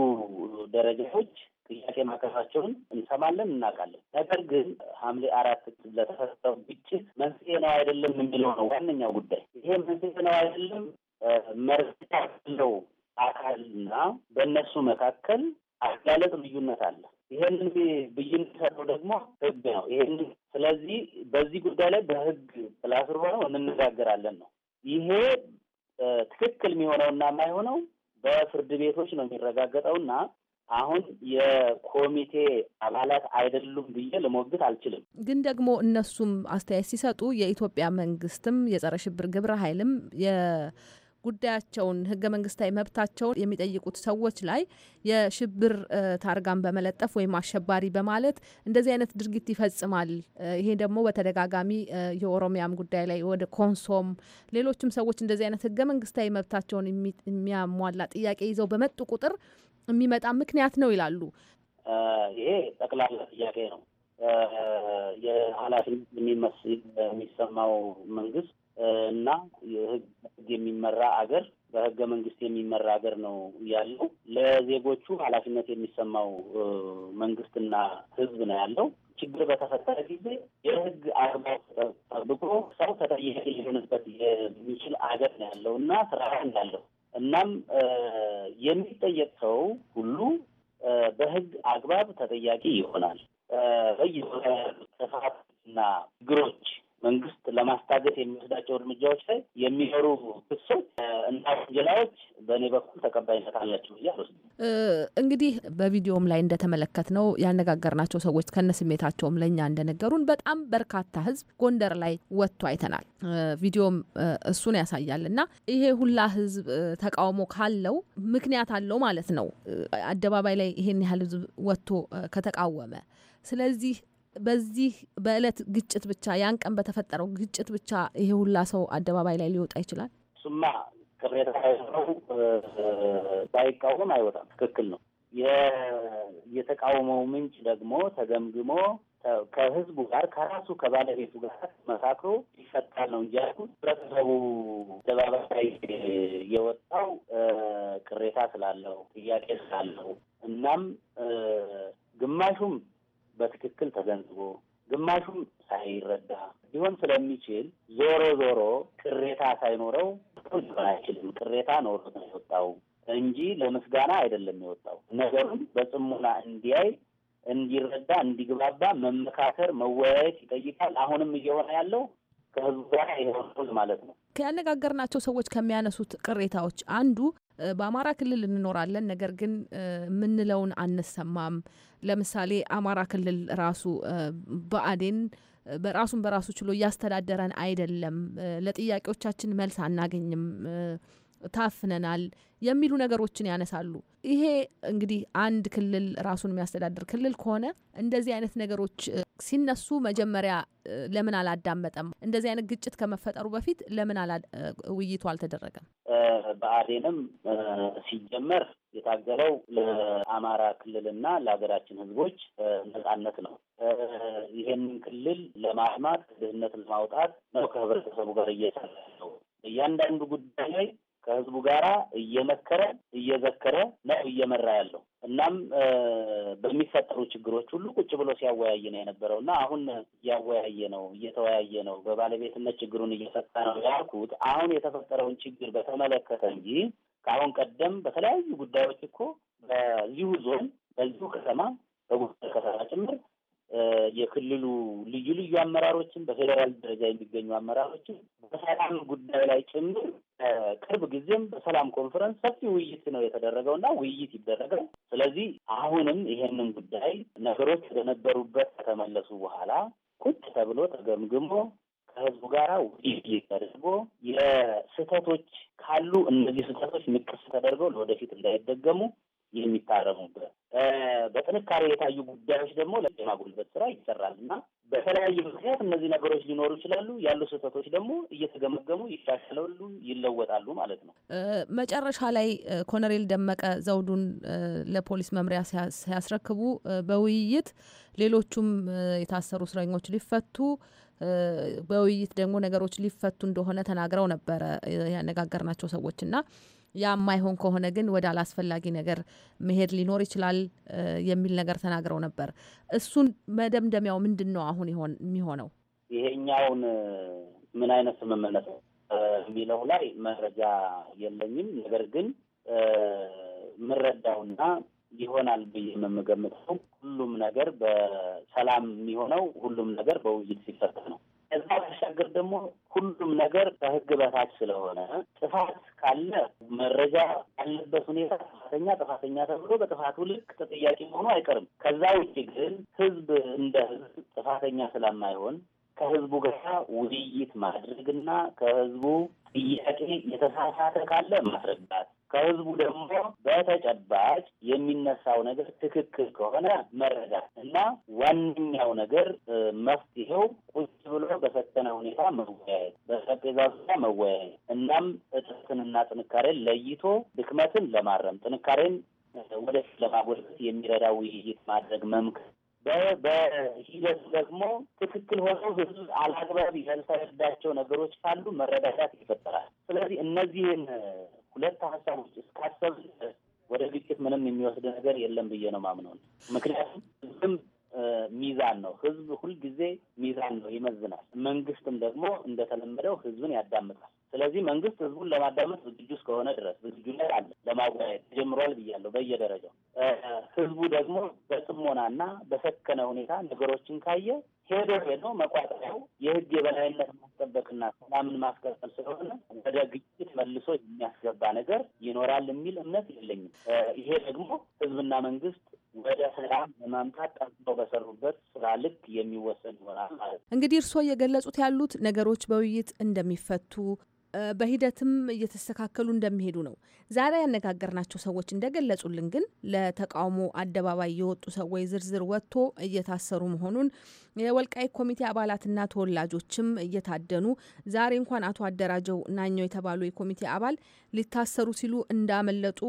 ደረጃዎች ጥያቄ ማቅረባቸውን እንሰማለን፣ እናውቃለን። ነገር ግን ሐምሌ አራት ለተፈጠረው ግጭት መንስኤ ነው አይደለም የሚለው ነው ዋነኛው ጉዳይ። ይሄ መንስኤ ነው አይደለም መርዝ ያለው አካልና በእነሱ መካከል አጋለጥ ልዩነት አለ። ይሄን ብይን ሰሩ ደግሞ ህግ ነው። ይህን ስለዚህ በዚህ ጉዳይ ላይ በህግ ጥላስር ሆነው እንነጋገራለን ነው። ይሄ ትክክል የሚሆነውና የማይሆነው በፍርድ ቤቶች ነው የሚረጋገጠውና አሁን የኮሚቴ አባላት አይደሉም ብዬ ልሞግት አልችልም። ግን ደግሞ እነሱም አስተያየት ሲሰጡ የኢትዮጵያ መንግስትም የጸረ ሽብር ግብረ ኃይልም ጉዳያቸውን ህገ መንግስታዊ መብታቸውን የሚጠይቁት ሰዎች ላይ የሽብር ታርጋን በመለጠፍ ወይም አሸባሪ በማለት እንደዚህ አይነት ድርጊት ይፈጽማል። ይሄ ደግሞ በተደጋጋሚ የኦሮሚያም ጉዳይ ላይ ወደ ኮንሶም፣ ሌሎችም ሰዎች እንደዚህ አይነት ህገ መንግስታዊ መብታቸውን የሚያሟላ ጥያቄ ይዘው በመጡ ቁጥር የሚመጣ ምክንያት ነው ይላሉ። ይሄ ጠቅላላ ጥያቄ ነው። የኃላፊነት የሚሰማው መንግስት እና የህግ የሚመራ አገር በህገ መንግስት የሚመራ ሀገር ነው ያለው። ለዜጎቹ ኃላፊነት የሚሰማው መንግስትና ህዝብ ነው ያለው። ችግር በተፈጠረ ጊዜ የህግ አግባብ ጠብቆ ሰው ተጠያቂ ሊሆንበት የሚችል አገር ነው ያለው እና ስርዓት እንዳለው እናም የሚጠየቅ ሰው ሁሉ በህግ አግባብ ተጠያቂ ይሆናል። በየሆነ እና ችግሮች መንግስት ለማስታገት የሚወስዳቸው እርምጃዎች ላይ የሚኖሩ ክሶች እና ወንጀላዎች በእኔ በኩል ተቀባይነት አላቸው ብዬ አልወስድም። እንግዲህ በቪዲዮም ላይ እንደተመለከት ነው ያነጋገርናቸው ሰዎች ከነ ስሜታቸውም ለእኛ እንደነገሩን በጣም በርካታ ህዝብ ጎንደር ላይ ወጥቶ አይተናል። ቪዲዮም እሱን ያሳያል እና ይሄ ሁላ ህዝብ ተቃውሞ ካለው ምክንያት አለው ማለት ነው። አደባባይ ላይ ይሄን ያህል ህዝብ ወጥቶ ከተቃወመ ስለዚህ በዚህ በእለት ግጭት ብቻ ያን ቀን በተፈጠረው ግጭት ብቻ ይሄ ሁላ ሰው አደባባይ ላይ ሊወጣ ይችላል? እሱማ ቅሬታ ሰው ባይቃወም አይወጣም። ትክክል ነው። የተቃውሞው ምንጭ ደግሞ ተገምግሞ ከህዝቡ ጋር ከራሱ ከባለቤቱ ጋር መካክሮ ይፈታል ነው እንጂ ያልኩት። ህብረተሰቡ አደባባይ የወጣው ቅሬታ ስላለው ጥያቄ ስላለው እናም ግማሹም በትክክል ተገንዝቦ ግማሹም ሳይረዳ ሊሆን ስለሚችል ዞሮ ዞሮ ቅሬታ ሳይኖረው ሊሆን አይችልም። ቅሬታ ኖሮ ነው የወጣው እንጂ ለምስጋና አይደለም የወጣው። ነገሩን በጽሞና እንዲያይ፣ እንዲረዳ፣ እንዲግባባ መመካከር፣ መወያየት ይጠይቃል። አሁንም እየሆነ ያለው ከህዝቡ ጋር ይሆናል ማለት ነው። ያነጋገርናቸው ሰዎች ከሚያነሱት ቅሬታዎች አንዱ በአማራ ክልል እንኖራለን፣ ነገር ግን የምንለውን አንሰማም። ለምሳሌ አማራ ክልል ራሱ በአዴን በራሱን በራሱ ችሎ እያስተዳደረን አይደለም፣ ለጥያቄዎቻችን መልስ አናገኝም ታፍነናል የሚሉ ነገሮችን ያነሳሉ። ይሄ እንግዲህ አንድ ክልል ራሱን የሚያስተዳድር ክልል ከሆነ እንደዚህ አይነት ነገሮች ሲነሱ መጀመሪያ ለምን አላዳመጠም? እንደዚህ አይነት ግጭት ከመፈጠሩ በፊት ለምን ውይይቱ አልተደረገም? በአዴንም ሲጀመር የታገለው ለአማራ ክልልና ለሀገራችን ህዝቦች ነጻነት ነው። ይህንን ክልል ለማልማት ድህነት ለማውጣት ነው ከህብረተሰቡ ጋር እየሰራ ነው። እያንዳንዱ ጉዳይ ላይ ከህዝቡ ጋር እየመከረ እየዘከረ ነው እየመራ ያለው። እናም በሚፈጠሩ ችግሮች ሁሉ ቁጭ ብሎ ሲያወያየ ነው የነበረው እና አሁን እያወያየ ነው እየተወያየ ነው በባለቤትነት ችግሩን እየፈታ ነው ያልኩት አሁን የተፈጠረውን ችግር በተመለከተ እንጂ ከአሁን ቀደም በተለያዩ ጉዳዮች እኮ በዚሁ ዞን በዚሁ ከተማ በጉዳይ ከተማ ጭምር የክልሉ ልዩ ልዩ አመራሮችን በፌዴራል ደረጃ የሚገኙ አመራሮችን በሰላም ጉዳይ ላይ ጭምር ቅርብ ጊዜም በሰላም ኮንፈረንስ ሰፊ ውይይት ነው የተደረገው እና ውይይት ይደረገው። ስለዚህ አሁንም ይሄንን ጉዳይ ነገሮች ወደነበሩበት ከተመለሱ በኋላ ቁጭ ተብሎ ተገምግሞ ከህዝቡ ጋር ውይይት ተደርጎ የስህተቶች ካሉ እነዚህ ስህተቶች ምቅስ ተደርገው ለወደፊት እንዳይደገሙ የሚታረሙበት በጥንካሬ የታዩ ጉዳዮች ደግሞ ለማጉልበት ስራ ይሰራል እና በተለያየ ምክንያት እነዚህ ነገሮች ሊኖሩ ይችላሉ። ያሉ ስህተቶች ደግሞ እየተገመገሙ ይሻሻላሉ፣ ይለወጣሉ ማለት ነው። መጨረሻ ላይ ኮነሬል ደመቀ ዘውዱን ለፖሊስ መምሪያ ሲያስረክቡ በውይይት ሌሎቹም የታሰሩ እስረኞች ሊፈቱ በውይይት ደግሞ ነገሮች ሊፈቱ እንደሆነ ተናግረው ነበረ ያነጋገርናቸው ሰዎችና ያ የማይሆን ከሆነ ግን ወደ አላስፈላጊ ነገር መሄድ ሊኖር ይችላል የሚል ነገር ተናግረው ነበር። እሱን መደምደሚያው ምንድን ነው አሁን የሚሆነው ይሄኛውን ምን አይነት ስምምነት የሚለው ላይ መረጃ የለኝም። ነገር ግን ምረዳውና ይሆናል ብዬ የምገምተው ሁሉም ነገር በሰላም የሚሆነው ሁሉም ነገር በውይይት ሲፈታ ነው። ከዛ ባሻገር ደግሞ ሁሉም ነገር ከህግ በታች ስለሆነ ጥፋት ካለ መረጃ ያለበት ሁኔታ ጥፋተኛ ጥፋተኛ ተብሎ በጥፋቱ ልክ ተጠያቂ መሆኑ አይቀርም። ከዛ ውጭ ግን ህዝብ እንደ ህዝብ ጥፋተኛ ስለማይሆን ከህዝቡ ጋር ውይይት ማድረግና ከህዝቡ ጥያቄ የተሳሳተ ካለ ማስረዳት ከህዝቡ ደግሞ በተጨባጭ የሚነሳው ነገር ትክክል ከሆነ መረዳት እና ዋነኛው ነገር መፍትሄው ቁጭ ብሎ በፈተነ ሁኔታ መወያየት፣ በጠረጴዛ ዙሪያ መወያየት እናም እጥረትንና ጥንካሬን ለይቶ ድክመትን ለማረም ጥንካሬን ወደፊት ለማጎልበት የሚረዳ ውይይት ማድረግ መምከር በሂደቱ ደግሞ ትክክል ሆነው ህዝብ አላግባብ ያልተረዳቸው ነገሮች ካሉ መረዳዳት ይፈጠራል። ስለዚህ እነዚህን ሁለት ሀሳብ ውስጥ እስካሰብ ወደ ግጭት ምንም የሚወስድ ነገር የለም ብዬ ነው ማምነው። ምክንያቱም ህዝብም ሚዛን ነው። ህዝብ ሁልጊዜ ሚዛን ነው፣ ይመዝናል። መንግስትም ደግሞ እንደተለመደው ህዝብን ያዳምጣል። ስለዚህ መንግስት ህዝቡን ለማዳመጥ ዝግጁ እስከሆነ ድረስ ዝግጁነት አለ። ለማወያየት ተጀምሯል ብያለሁ በየደረጃው። ህዝቡ ደግሞ በጥሞናና በሰከነ ሁኔታ ነገሮችን ካየ ሄዶ ሄዶ መቋጠሪያው የህግ የበላይነት ማስጠበቅና ሰላምን ማስቀጠል ስለሆነ ወደ ግጭት መልሶ የሚያስገባ ነገር ይኖራል የሚል እምነት የለኝም። ይሄ ደግሞ ህዝብና መንግስት ወደ ሰላም ለማምጣት ጠብቀው በሰሩበት ስራ ልክ የሚወሰን ይሆናል ማለት ነው። እንግዲህ እርስዎ እየገለጹት ያሉት ነገሮች በውይይት እንደሚፈቱ በሂደትም እየተስተካከሉ እንደሚሄዱ ነው። ዛሬ ያነጋገርናቸው ሰዎች እንደገለጹልን ግን ለተቃውሞ አደባባይ የወጡ ሰዎች ዝርዝር ወጥቶ እየታሰሩ መሆኑን የወልቃይ ኮሚቴ አባላትና ተወላጆችም እየታደኑ ዛሬ እንኳን አቶ አደራጀው ናኘው የተባሉ የኮሚቴ አባል ሊታሰሩ ሲሉ እንዳመለጡ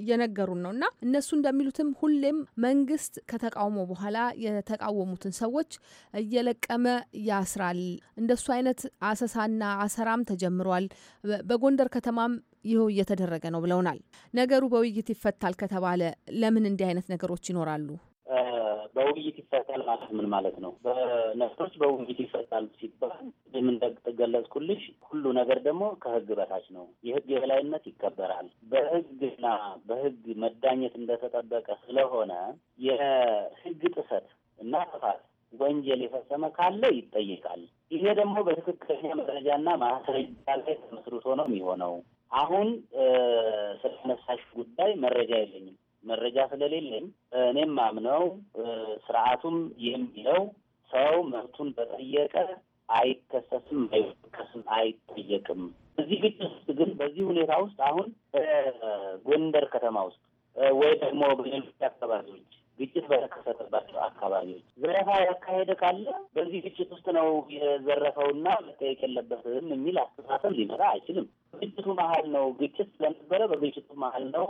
እየነገሩን ነው እና እነሱ እንደሚሉትም ሁሌም መንግስት ከተቃውሞ በኋላ የተቃወሙትን ሰዎች እየለቀመ ያስራል። እንደሱ አይነት አሰሳና አሰራም ተጀምሯል ጀምሯል። በጎንደር ከተማም ይህ እየተደረገ ነው ብለውናል። ነገሩ በውይይት ይፈታል ከተባለ ለምን እንዲህ አይነት ነገሮች ይኖራሉ? በውይይት ይፈታል ማለት ምን ማለት ነው? በነፍሶች በውይይት ይፈታል ሲባል የምንገለጽኩልሽ ሁሉ ነገር ደግሞ ከህግ በታች ነው። የህግ የበላይነት ይከበራል። በህግና በህግ መዳኘት እንደተጠበቀ ስለሆነ የህግ ጥሰት እና ጥፋት ወንጀል የፈጸመ ካለ ይጠየቃል። ይሄ ደግሞ በትክክለኛ መረጃና ማስረጃ ላይ ተመስርቶ ነው የሚሆነው። አሁን ስለነሳሽ ጉዳይ መረጃ የለኝም። መረጃ ስለሌለኝ እኔም ማምነው ስርዓቱም የሚለው ሰው መብቱን በጠየቀ አይከሰስም፣ አይወቀስም፣ አይጠየቅም። እዚህ ግጭት ውስጥ ግን በዚህ ሁኔታ ውስጥ አሁን በጎንደር ከተማ ውስጥ ወይ ደግሞ በሌሎች አካባቢዎች ግጭት በተከሰተባቸው አካባቢዎች ዘረፋ ያካሄደ ካለ በዚህ ግጭት ውስጥ ነው የዘረፈውና መጠየቅ የለበትም የሚል አስተሳሰብ ሊመራ አይችልም። በግጭቱ መሀል ነው ግጭት ስለነበረ በግጭቱ መሀል ነው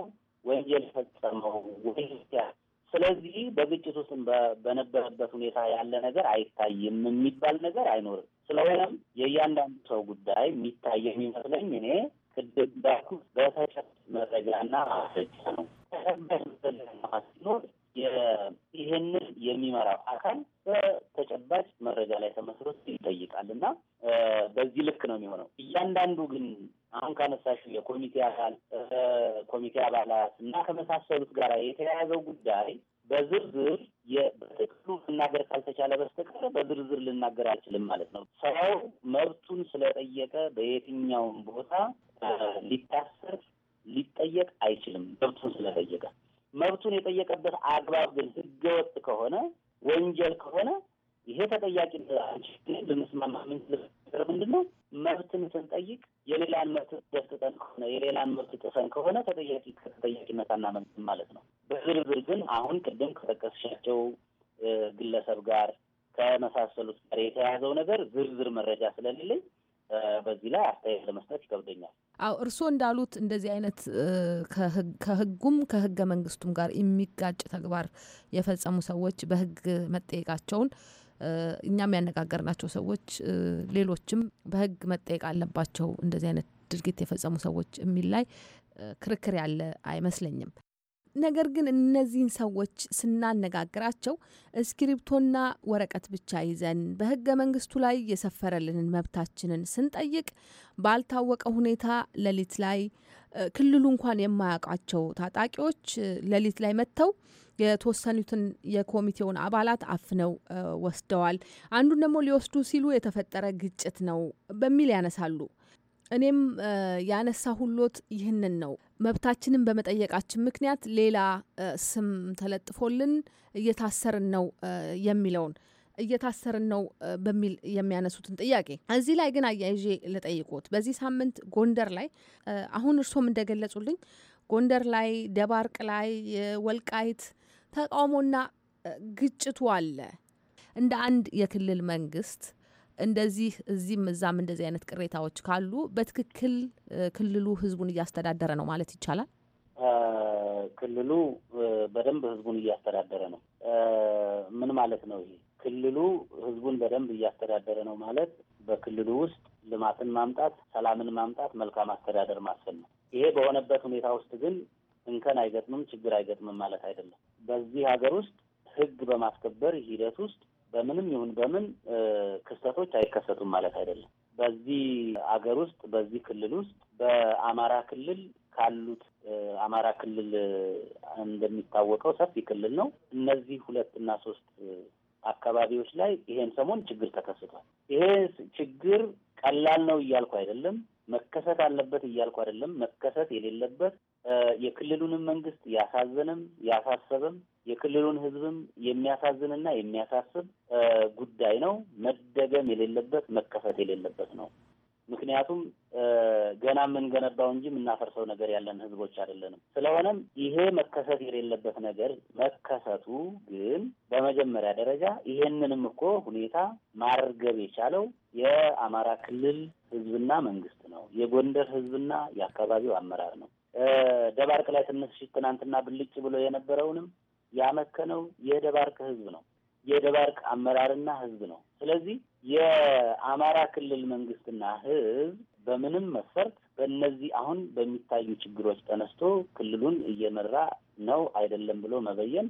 ወንጀል ፈጸመው ወንጀል ስለዚህ በግጭት ውስጥ በነበረበት ሁኔታ ያለ ነገር አይታይም የሚባል ነገር አይኖርም። ስለሆነም የእያንዳንዱ ሰው ጉዳይ የሚታይ የሚመስለኝ እኔ ቅድም እንዳልኩ በተጨባጭ መረጃና ማስረጃ ነው። ተጨባጭ መረጃና ማስረጃ ይሄንን የሚመራው አካል በተጨባጭ መረጃ ላይ ተመስርቶ ይጠይቃል እና በዚህ ልክ ነው የሚሆነው። እያንዳንዱ ግን አሁን ካነሳሽ የኮሚቴ አካል ኮሚቴ አባላት እና ከመሳሰሉት ጋር የተያያዘው ጉዳይ በዝርዝር በጥቅሉ ልናገር ካልተቻለ በስተቀር በዝርዝር ልናገር አልችልም ማለት ነው። ሰው መብቱን ስለጠየቀ በየትኛውም ቦታ ሊታሰር ሊጠየቅ አይችልም መብቱን ስለጠየቀ መብቱን የጠየቀበት አግባብ ግን ህገወጥ ከሆነ ወንጀል ከሆነ ይሄ ተጠያቂ ልንስማማ የምንችልበት ምንድን ነው? መብትን ስንጠይቅ የሌላን መብት ደፍጥጠን ከሆነ የሌላን መብት ጥሰን ከሆነ ተጠያቂ ከተጠያቂነት አናመልጥም ማለት ነው። በዝርዝር ግን አሁን ቅድም ከጠቀስሻቸው ግለሰብ ጋር ከመሳሰሉት ጋር የተያያዘው ነገር ዝርዝር መረጃ ስለሌለኝ በዚህ ላይ አስተያየት ለመስጠት ይከብደኛል። አዎ እርስዎ እንዳሉት እንደዚህ አይነት ከህጉም ከህገ መንግስቱም ጋር የሚጋጭ ተግባር የፈጸሙ ሰዎች በህግ መጠየቃቸውን እኛም ያነጋገርናቸው ሰዎች ሌሎችም በህግ መጠየቅ አለባቸው እንደዚህ አይነት ድርጊት የፈጸሙ ሰዎች የሚል ላይ ክርክር ያለ አይመስለኝም። ነገር ግን እነዚህን ሰዎች ስናነጋግራቸው እስክሪብቶና ወረቀት ብቻ ይዘን በህገ መንግስቱ ላይ የሰፈረልንን መብታችንን ስንጠይቅ ባልታወቀ ሁኔታ ሌሊት ላይ ክልሉ እንኳን የማያውቃቸው ታጣቂዎች ሌሊት ላይ መጥተው የተወሰኑትን የኮሚቴውን አባላት አፍነው ወስደዋል፣ አንዱን ደግሞ ሊወስዱ ሲሉ የተፈጠረ ግጭት ነው በሚል ያነሳሉ። እኔም ያነሳ ሁሎት ይህንን ነው። መብታችንን በመጠየቃችን ምክንያት ሌላ ስም ተለጥፎልን እየታሰርን ነው የሚለውን እየታሰርን ነው በሚል የሚያነሱትን ጥያቄ እዚህ ላይ ግን አያይዤ ልጠይቆት። በዚህ ሳምንት ጎንደር ላይ አሁን እርሶም እንደገለጹልኝ ጎንደር ላይ፣ ደባርቅ ላይ፣ ወልቃይት ተቃውሞና ግጭቱ አለ። እንደ አንድ የክልል መንግስት እንደዚህ እዚህም እዛም እንደዚህ አይነት ቅሬታዎች ካሉ በትክክል ክልሉ ህዝቡን እያስተዳደረ ነው ማለት ይቻላል? ክልሉ በደንብ ህዝቡን እያስተዳደረ ነው። ምን ማለት ነው? ይሄ ክልሉ ህዝቡን በደንብ እያስተዳደረ ነው ማለት በክልሉ ውስጥ ልማትን ማምጣት፣ ሰላምን ማምጣት፣ መልካም አስተዳደር ማሰል ነው። ይሄ በሆነበት ሁኔታ ውስጥ ግን እንከን አይገጥምም፣ ችግር አይገጥምም ማለት አይደለም። በዚህ ሀገር ውስጥ ህግ በማስከበር ሂደት ውስጥ በምንም ይሁን በምን ክስተቶች አይከሰቱም ማለት አይደለም። በዚህ አገር ውስጥ በዚህ ክልል ውስጥ በአማራ ክልል ካሉት አማራ ክልል እንደሚታወቀው ሰፊ ክልል ነው። እነዚህ ሁለት እና ሶስት አካባቢዎች ላይ ይሄን ሰሞን ችግር ተከስቷል። ይሄ ችግር ቀላል ነው እያልኩ አይደለም፣ መከሰት አለበት እያልኩ አይደለም። መከሰት የሌለበት የክልሉንም መንግስት ያሳዘነም ያሳሰበም የክልሉን ህዝብም የሚያሳዝንና የሚያሳስብ ጉዳይ ነው። መደገም የሌለበት መከፈት የሌለበት ነው። ምክንያቱም ገና የምንገነባው እንጂ የምናፈርሰው ነገር ያለን ህዝቦች አይደለንም። ስለሆነም ይሄ መከሰት የሌለበት ነገር መከሰቱ ግን በመጀመሪያ ደረጃ ይሄንንም እኮ ሁኔታ ማርገብ የቻለው የአማራ ክልል ህዝብና መንግስት ነው። የጎንደር ህዝብና የአካባቢው አመራር ነው። ደባርቅ ላይ ትንሽ ትናንትና ብልጭ ብሎ የነበረውንም ያመከነው የደባርቅ ህዝብ ነው፣ የደባርቅ አመራርና ህዝብ ነው። ስለዚህ የአማራ ክልል መንግስትና ህዝብ በምንም መስፈርት በእነዚህ አሁን በሚታዩ ችግሮች ተነስቶ ክልሉን እየመራ ነው አይደለም ብሎ መበየን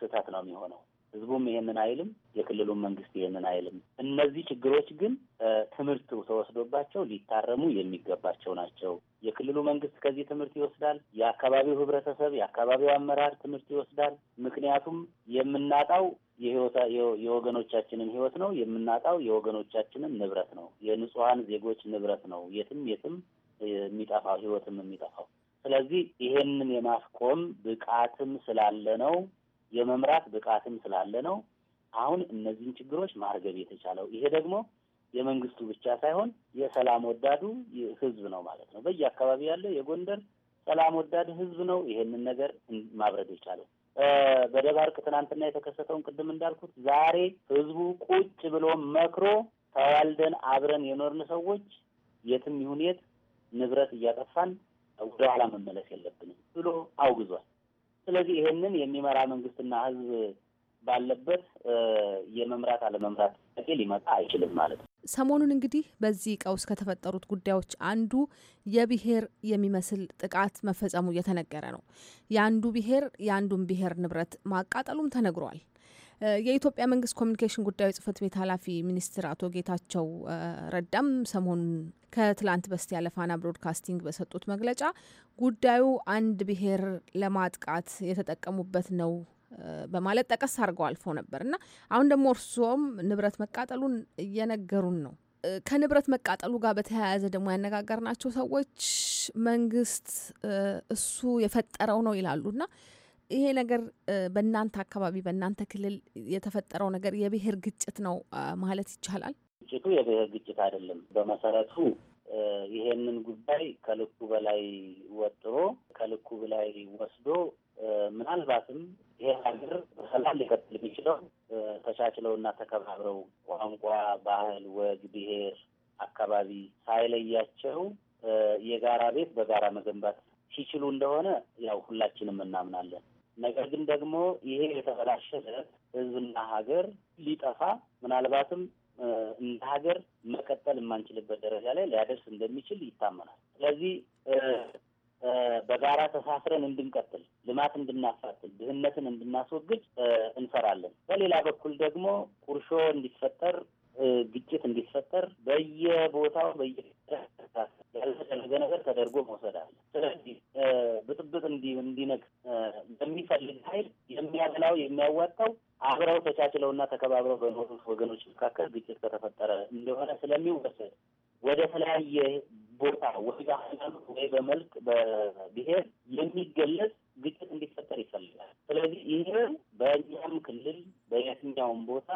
ስህተት ነው የሚሆነው። ህዝቡም ይሄንን አይልም፣ የክልሉም መንግስት ይሄንን አይልም። እነዚህ ችግሮች ግን ትምህርቱ ተወስዶባቸው ሊታረሙ የሚገባቸው ናቸው። የክልሉ መንግስት ከዚህ ትምህርት ይወስዳል። የአካባቢው ህብረተሰብ፣ የአካባቢው አመራር ትምህርት ይወስዳል። ምክንያቱም የምናጣው የወገኖቻችንን ህይወት ነው የምናጣው የወገኖቻችንን ንብረት ነው የንጹሀን ዜጎች ንብረት ነው የትም የትም የሚጠፋው ህይወትም የሚጠፋው ስለዚህ ይሄንን የማስቆም ብቃትም ስላለ ነው የመምራት ብቃትም ስላለ ነው አሁን እነዚህን ችግሮች ማርገብ የተቻለው። ይሄ ደግሞ የመንግስቱ ብቻ ሳይሆን የሰላም ወዳዱ ህዝብ ነው ማለት ነው። በየአካባቢ ያለው የጎንደር ሰላም ወዳድ ህዝብ ነው ይሄንን ነገር ማብረድ የቻለው። በደባርቅ ትናንትና የተከሰተውን ቅድም እንዳልኩት ዛሬ ህዝቡ ቁጭ ብሎ መክሮ ተዋልደን አብረን የኖርን ሰዎች የትም ይሁን የት ንብረት እያጠፋን ወደኋላ መመለስ የለብንም ብሎ አውግዟል። ስለዚህ ይሄንን የሚመራ መንግስትና ህዝብ ባለበት የመምራት አለመምራት ጥያቄ ሊመጣ አይችልም ማለት ነው። ሰሞኑን እንግዲህ በዚህ ቀውስ ከተፈጠሩት ጉዳዮች አንዱ የብሄር የሚመስል ጥቃት መፈጸሙ እየተነገረ ነው። የአንዱ ብሄር የአንዱን ብሔር ንብረት ማቃጠሉም ተነግሯል። የኢትዮጵያ መንግስት ኮሚኒኬሽን ጉዳዮች ጽህፈት ቤት ኃላፊ ሚኒስትር አቶ ጌታቸው ረዳም ሰሞኑን ከትላንት በስቲያ ለፋና ብሮድካስቲንግ በሰጡት መግለጫ ጉዳዩ አንድ ብሔር ለማጥቃት የተጠቀሙበት ነው በማለት ጠቀስ አድርገው አልፎ ነበር እና አሁን ደግሞ እርስዎም ንብረት መቃጠሉን እየነገሩን ነው። ከንብረት መቃጠሉ ጋር በተያያዘ ደግሞ ያነጋገርናቸው ሰዎች መንግስት እሱ የፈጠረው ነው ይላሉና ይሄ ነገር በእናንተ አካባቢ በእናንተ ክልል የተፈጠረው ነገር የብሔር ግጭት ነው ማለት ይቻላል? ግጭቱ የብሔር ግጭት አይደለም። በመሰረቱ ይሄንን ጉዳይ ከልኩ በላይ ወጥሮ ከልኩ በላይ ወስዶ ምናልባትም ይሄ ሀገር በሰላም ሊቀጥል የሚችለው እና ተከባብረው ቋንቋ፣ ባህል፣ ወግ፣ ብሔር፣ አካባቢ ሳይለያቸው የጋራ ቤት በጋራ መገንባት ሲችሉ እንደሆነ ያው ሁላችንም እናምናለን። ነገር ግን ደግሞ ይሄ የተበላሸ ህዝብና ሀገር ሊጠፋ ምናልባትም እንደ ሀገር መቀጠል የማንችልበት ደረጃ ላይ ሊያደርስ እንደሚችል ይታመናል። ስለዚህ በጋራ ተሳስረን እንድንቀጥል፣ ልማት እንድናፋጥል፣ ድህነትን እንድናስወግድ እንሰራለን። በሌላ በኩል ደግሞ ቁርሾ እንዲፈጠር ግጭት እንዲፈጠር በየቦታው በየ ነገር ተደርጎ መውሰድ አለ። ስለዚህ ብጥብጥ እንዲነግስ በሚፈልግ ኃይል የሚያበላው የሚያዋጣው አብረው ተቻችለውና ተከባብረው በኖሩት ወገኖች መካከል ግጭት ከተፈጠረ እንደሆነ ስለሚወሰድ ወደ ተለያየ ቦታ ወይ በሃይማኖት ወይ በመልክ በብሔር የሚገለጽ ግጭት እንዲፈጠር ይፈልጋል። ስለዚህ ይሄ በእኛም ክልል በየትኛውም ቦታ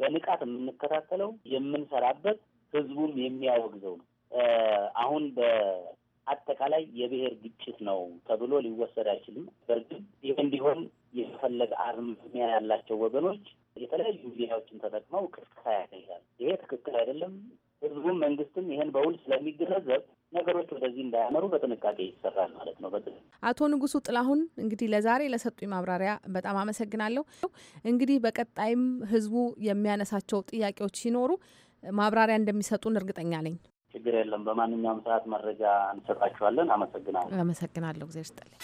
በንቃት የምንከታተለው የምንሰራበት ህዝቡም የሚያወግዘው ነው። አሁን በአጠቃላይ የብሔር ግጭት ነው ተብሎ ሊወሰድ አይችልም። በእርግጥ ይህ እንዲሆን የተፈለገ አዝማሚያ ያላቸው ወገኖች የተለያዩ ሚዲያዎችን ተጠቅመው ቅስቀሳ ያካሂዳል። ይሄ ትክክል አይደለም። ህዝቡም መንግስትም ይህን በውል ስለሚገነዘብ ነገሮች ወደዚህ እንዳያመሩ በጥንቃቄ ይሰራል ማለት ነው። አቶ ንጉሱ ጥላሁን እንግዲህ ለዛሬ ለሰጡኝ ማብራሪያ በጣም አመሰግናለሁ። እንግዲህ በቀጣይም ህዝቡ የሚያነሳቸው ጥያቄዎች ሲኖሩ ማብራሪያ እንደሚሰጡን እርግጠኛ ነኝ። ችግር የለም። በማንኛውም ሰዓት መረጃ እንሰጣችኋለን። አመሰግናለሁ። አመሰግናለሁ። እግዜር ይስጥልኝ።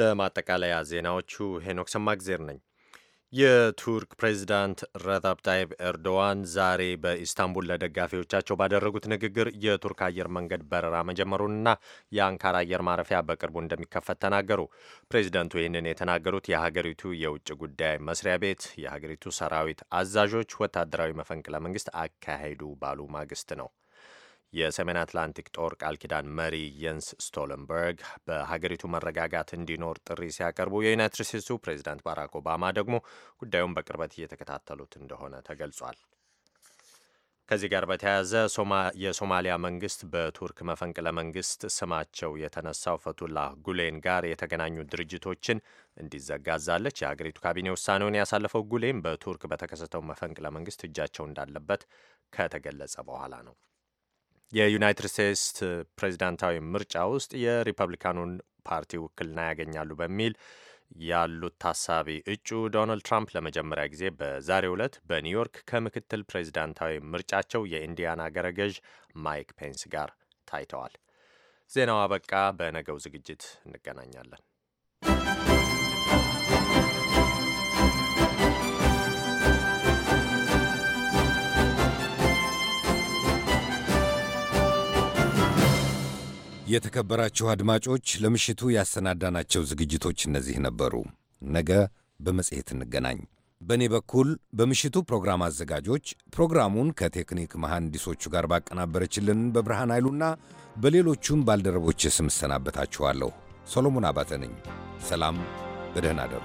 ለማጠቃለያ ዜናዎቹ ሄኖክ ሰማግዜር ነኝ። የቱርክ ፕሬዚዳንት ረዛብ ጣይብ ኤርዶዋን ዛሬ በኢስታንቡል ለደጋፊዎቻቸው ባደረጉት ንግግር የቱርክ አየር መንገድ በረራ መጀመሩንና የአንካራ አየር ማረፊያ በቅርቡ እንደሚከፈት ተናገሩ። ፕሬዚደንቱ ይህንን የተናገሩት የሀገሪቱ የውጭ ጉዳይ መስሪያ ቤት የሀገሪቱ ሰራዊት አዛዦች ወታደራዊ መፈንቅለ መንግስት አካሄዱ ባሉ ማግስት ነው። የሰሜን አትላንቲክ ጦር ቃል ኪዳን መሪ የንስ ስቶለንበርግ በሀገሪቱ መረጋጋት እንዲኖር ጥሪ ሲያቀርቡ የዩናይትድ ስቴትሱ ፕሬዚዳንት ባራክ ኦባማ ደግሞ ጉዳዩን በቅርበት እየተከታተሉት እንደሆነ ተገልጿል። ከዚህ ጋር በተያያዘ የሶማሊያ መንግስት በቱርክ መፈንቅለ መንግስት ስማቸው የተነሳው ፈቱላህ ጉሌን ጋር የተገናኙ ድርጅቶችን እንዲዘጋዛለች። የሀገሪቱ ካቢኔ ውሳኔውን ያሳለፈው ጉሌን በቱርክ በተከሰተው መፈንቅለ መንግስት እጃቸው እንዳለበት ከተገለጸ በኋላ ነው። የዩናይትድ ስቴትስ ፕሬዚዳንታዊ ምርጫ ውስጥ የሪፐብሊካኑን ፓርቲ ውክልና ያገኛሉ በሚል ያሉት ታሳቢ እጩ ዶናልድ ትራምፕ ለመጀመሪያ ጊዜ በዛሬው ዕለት በኒውዮርክ ከምክትል ፕሬዚዳንታዊ ምርጫቸው የኢንዲያና ገረገዥ ማይክ ፔንስ ጋር ታይተዋል። ዜናው አበቃ። በነገው ዝግጅት እንገናኛለን። የተከበራችሁ አድማጮች ለምሽቱ ያሰናዳናቸው ዝግጅቶች እነዚህ ነበሩ። ነገ በመጽሔት እንገናኝ። በእኔ በኩል በምሽቱ ፕሮግራም አዘጋጆች ፕሮግራሙን ከቴክኒክ መሐንዲሶቹ ጋር ባቀናበረችልን በብርሃን ኃይሉና በሌሎቹም ባልደረቦች ስም እሰናበታችኋለሁ። ሰሎሞን አባተ ነኝ። ሰላም፣ በደህና አደሩ።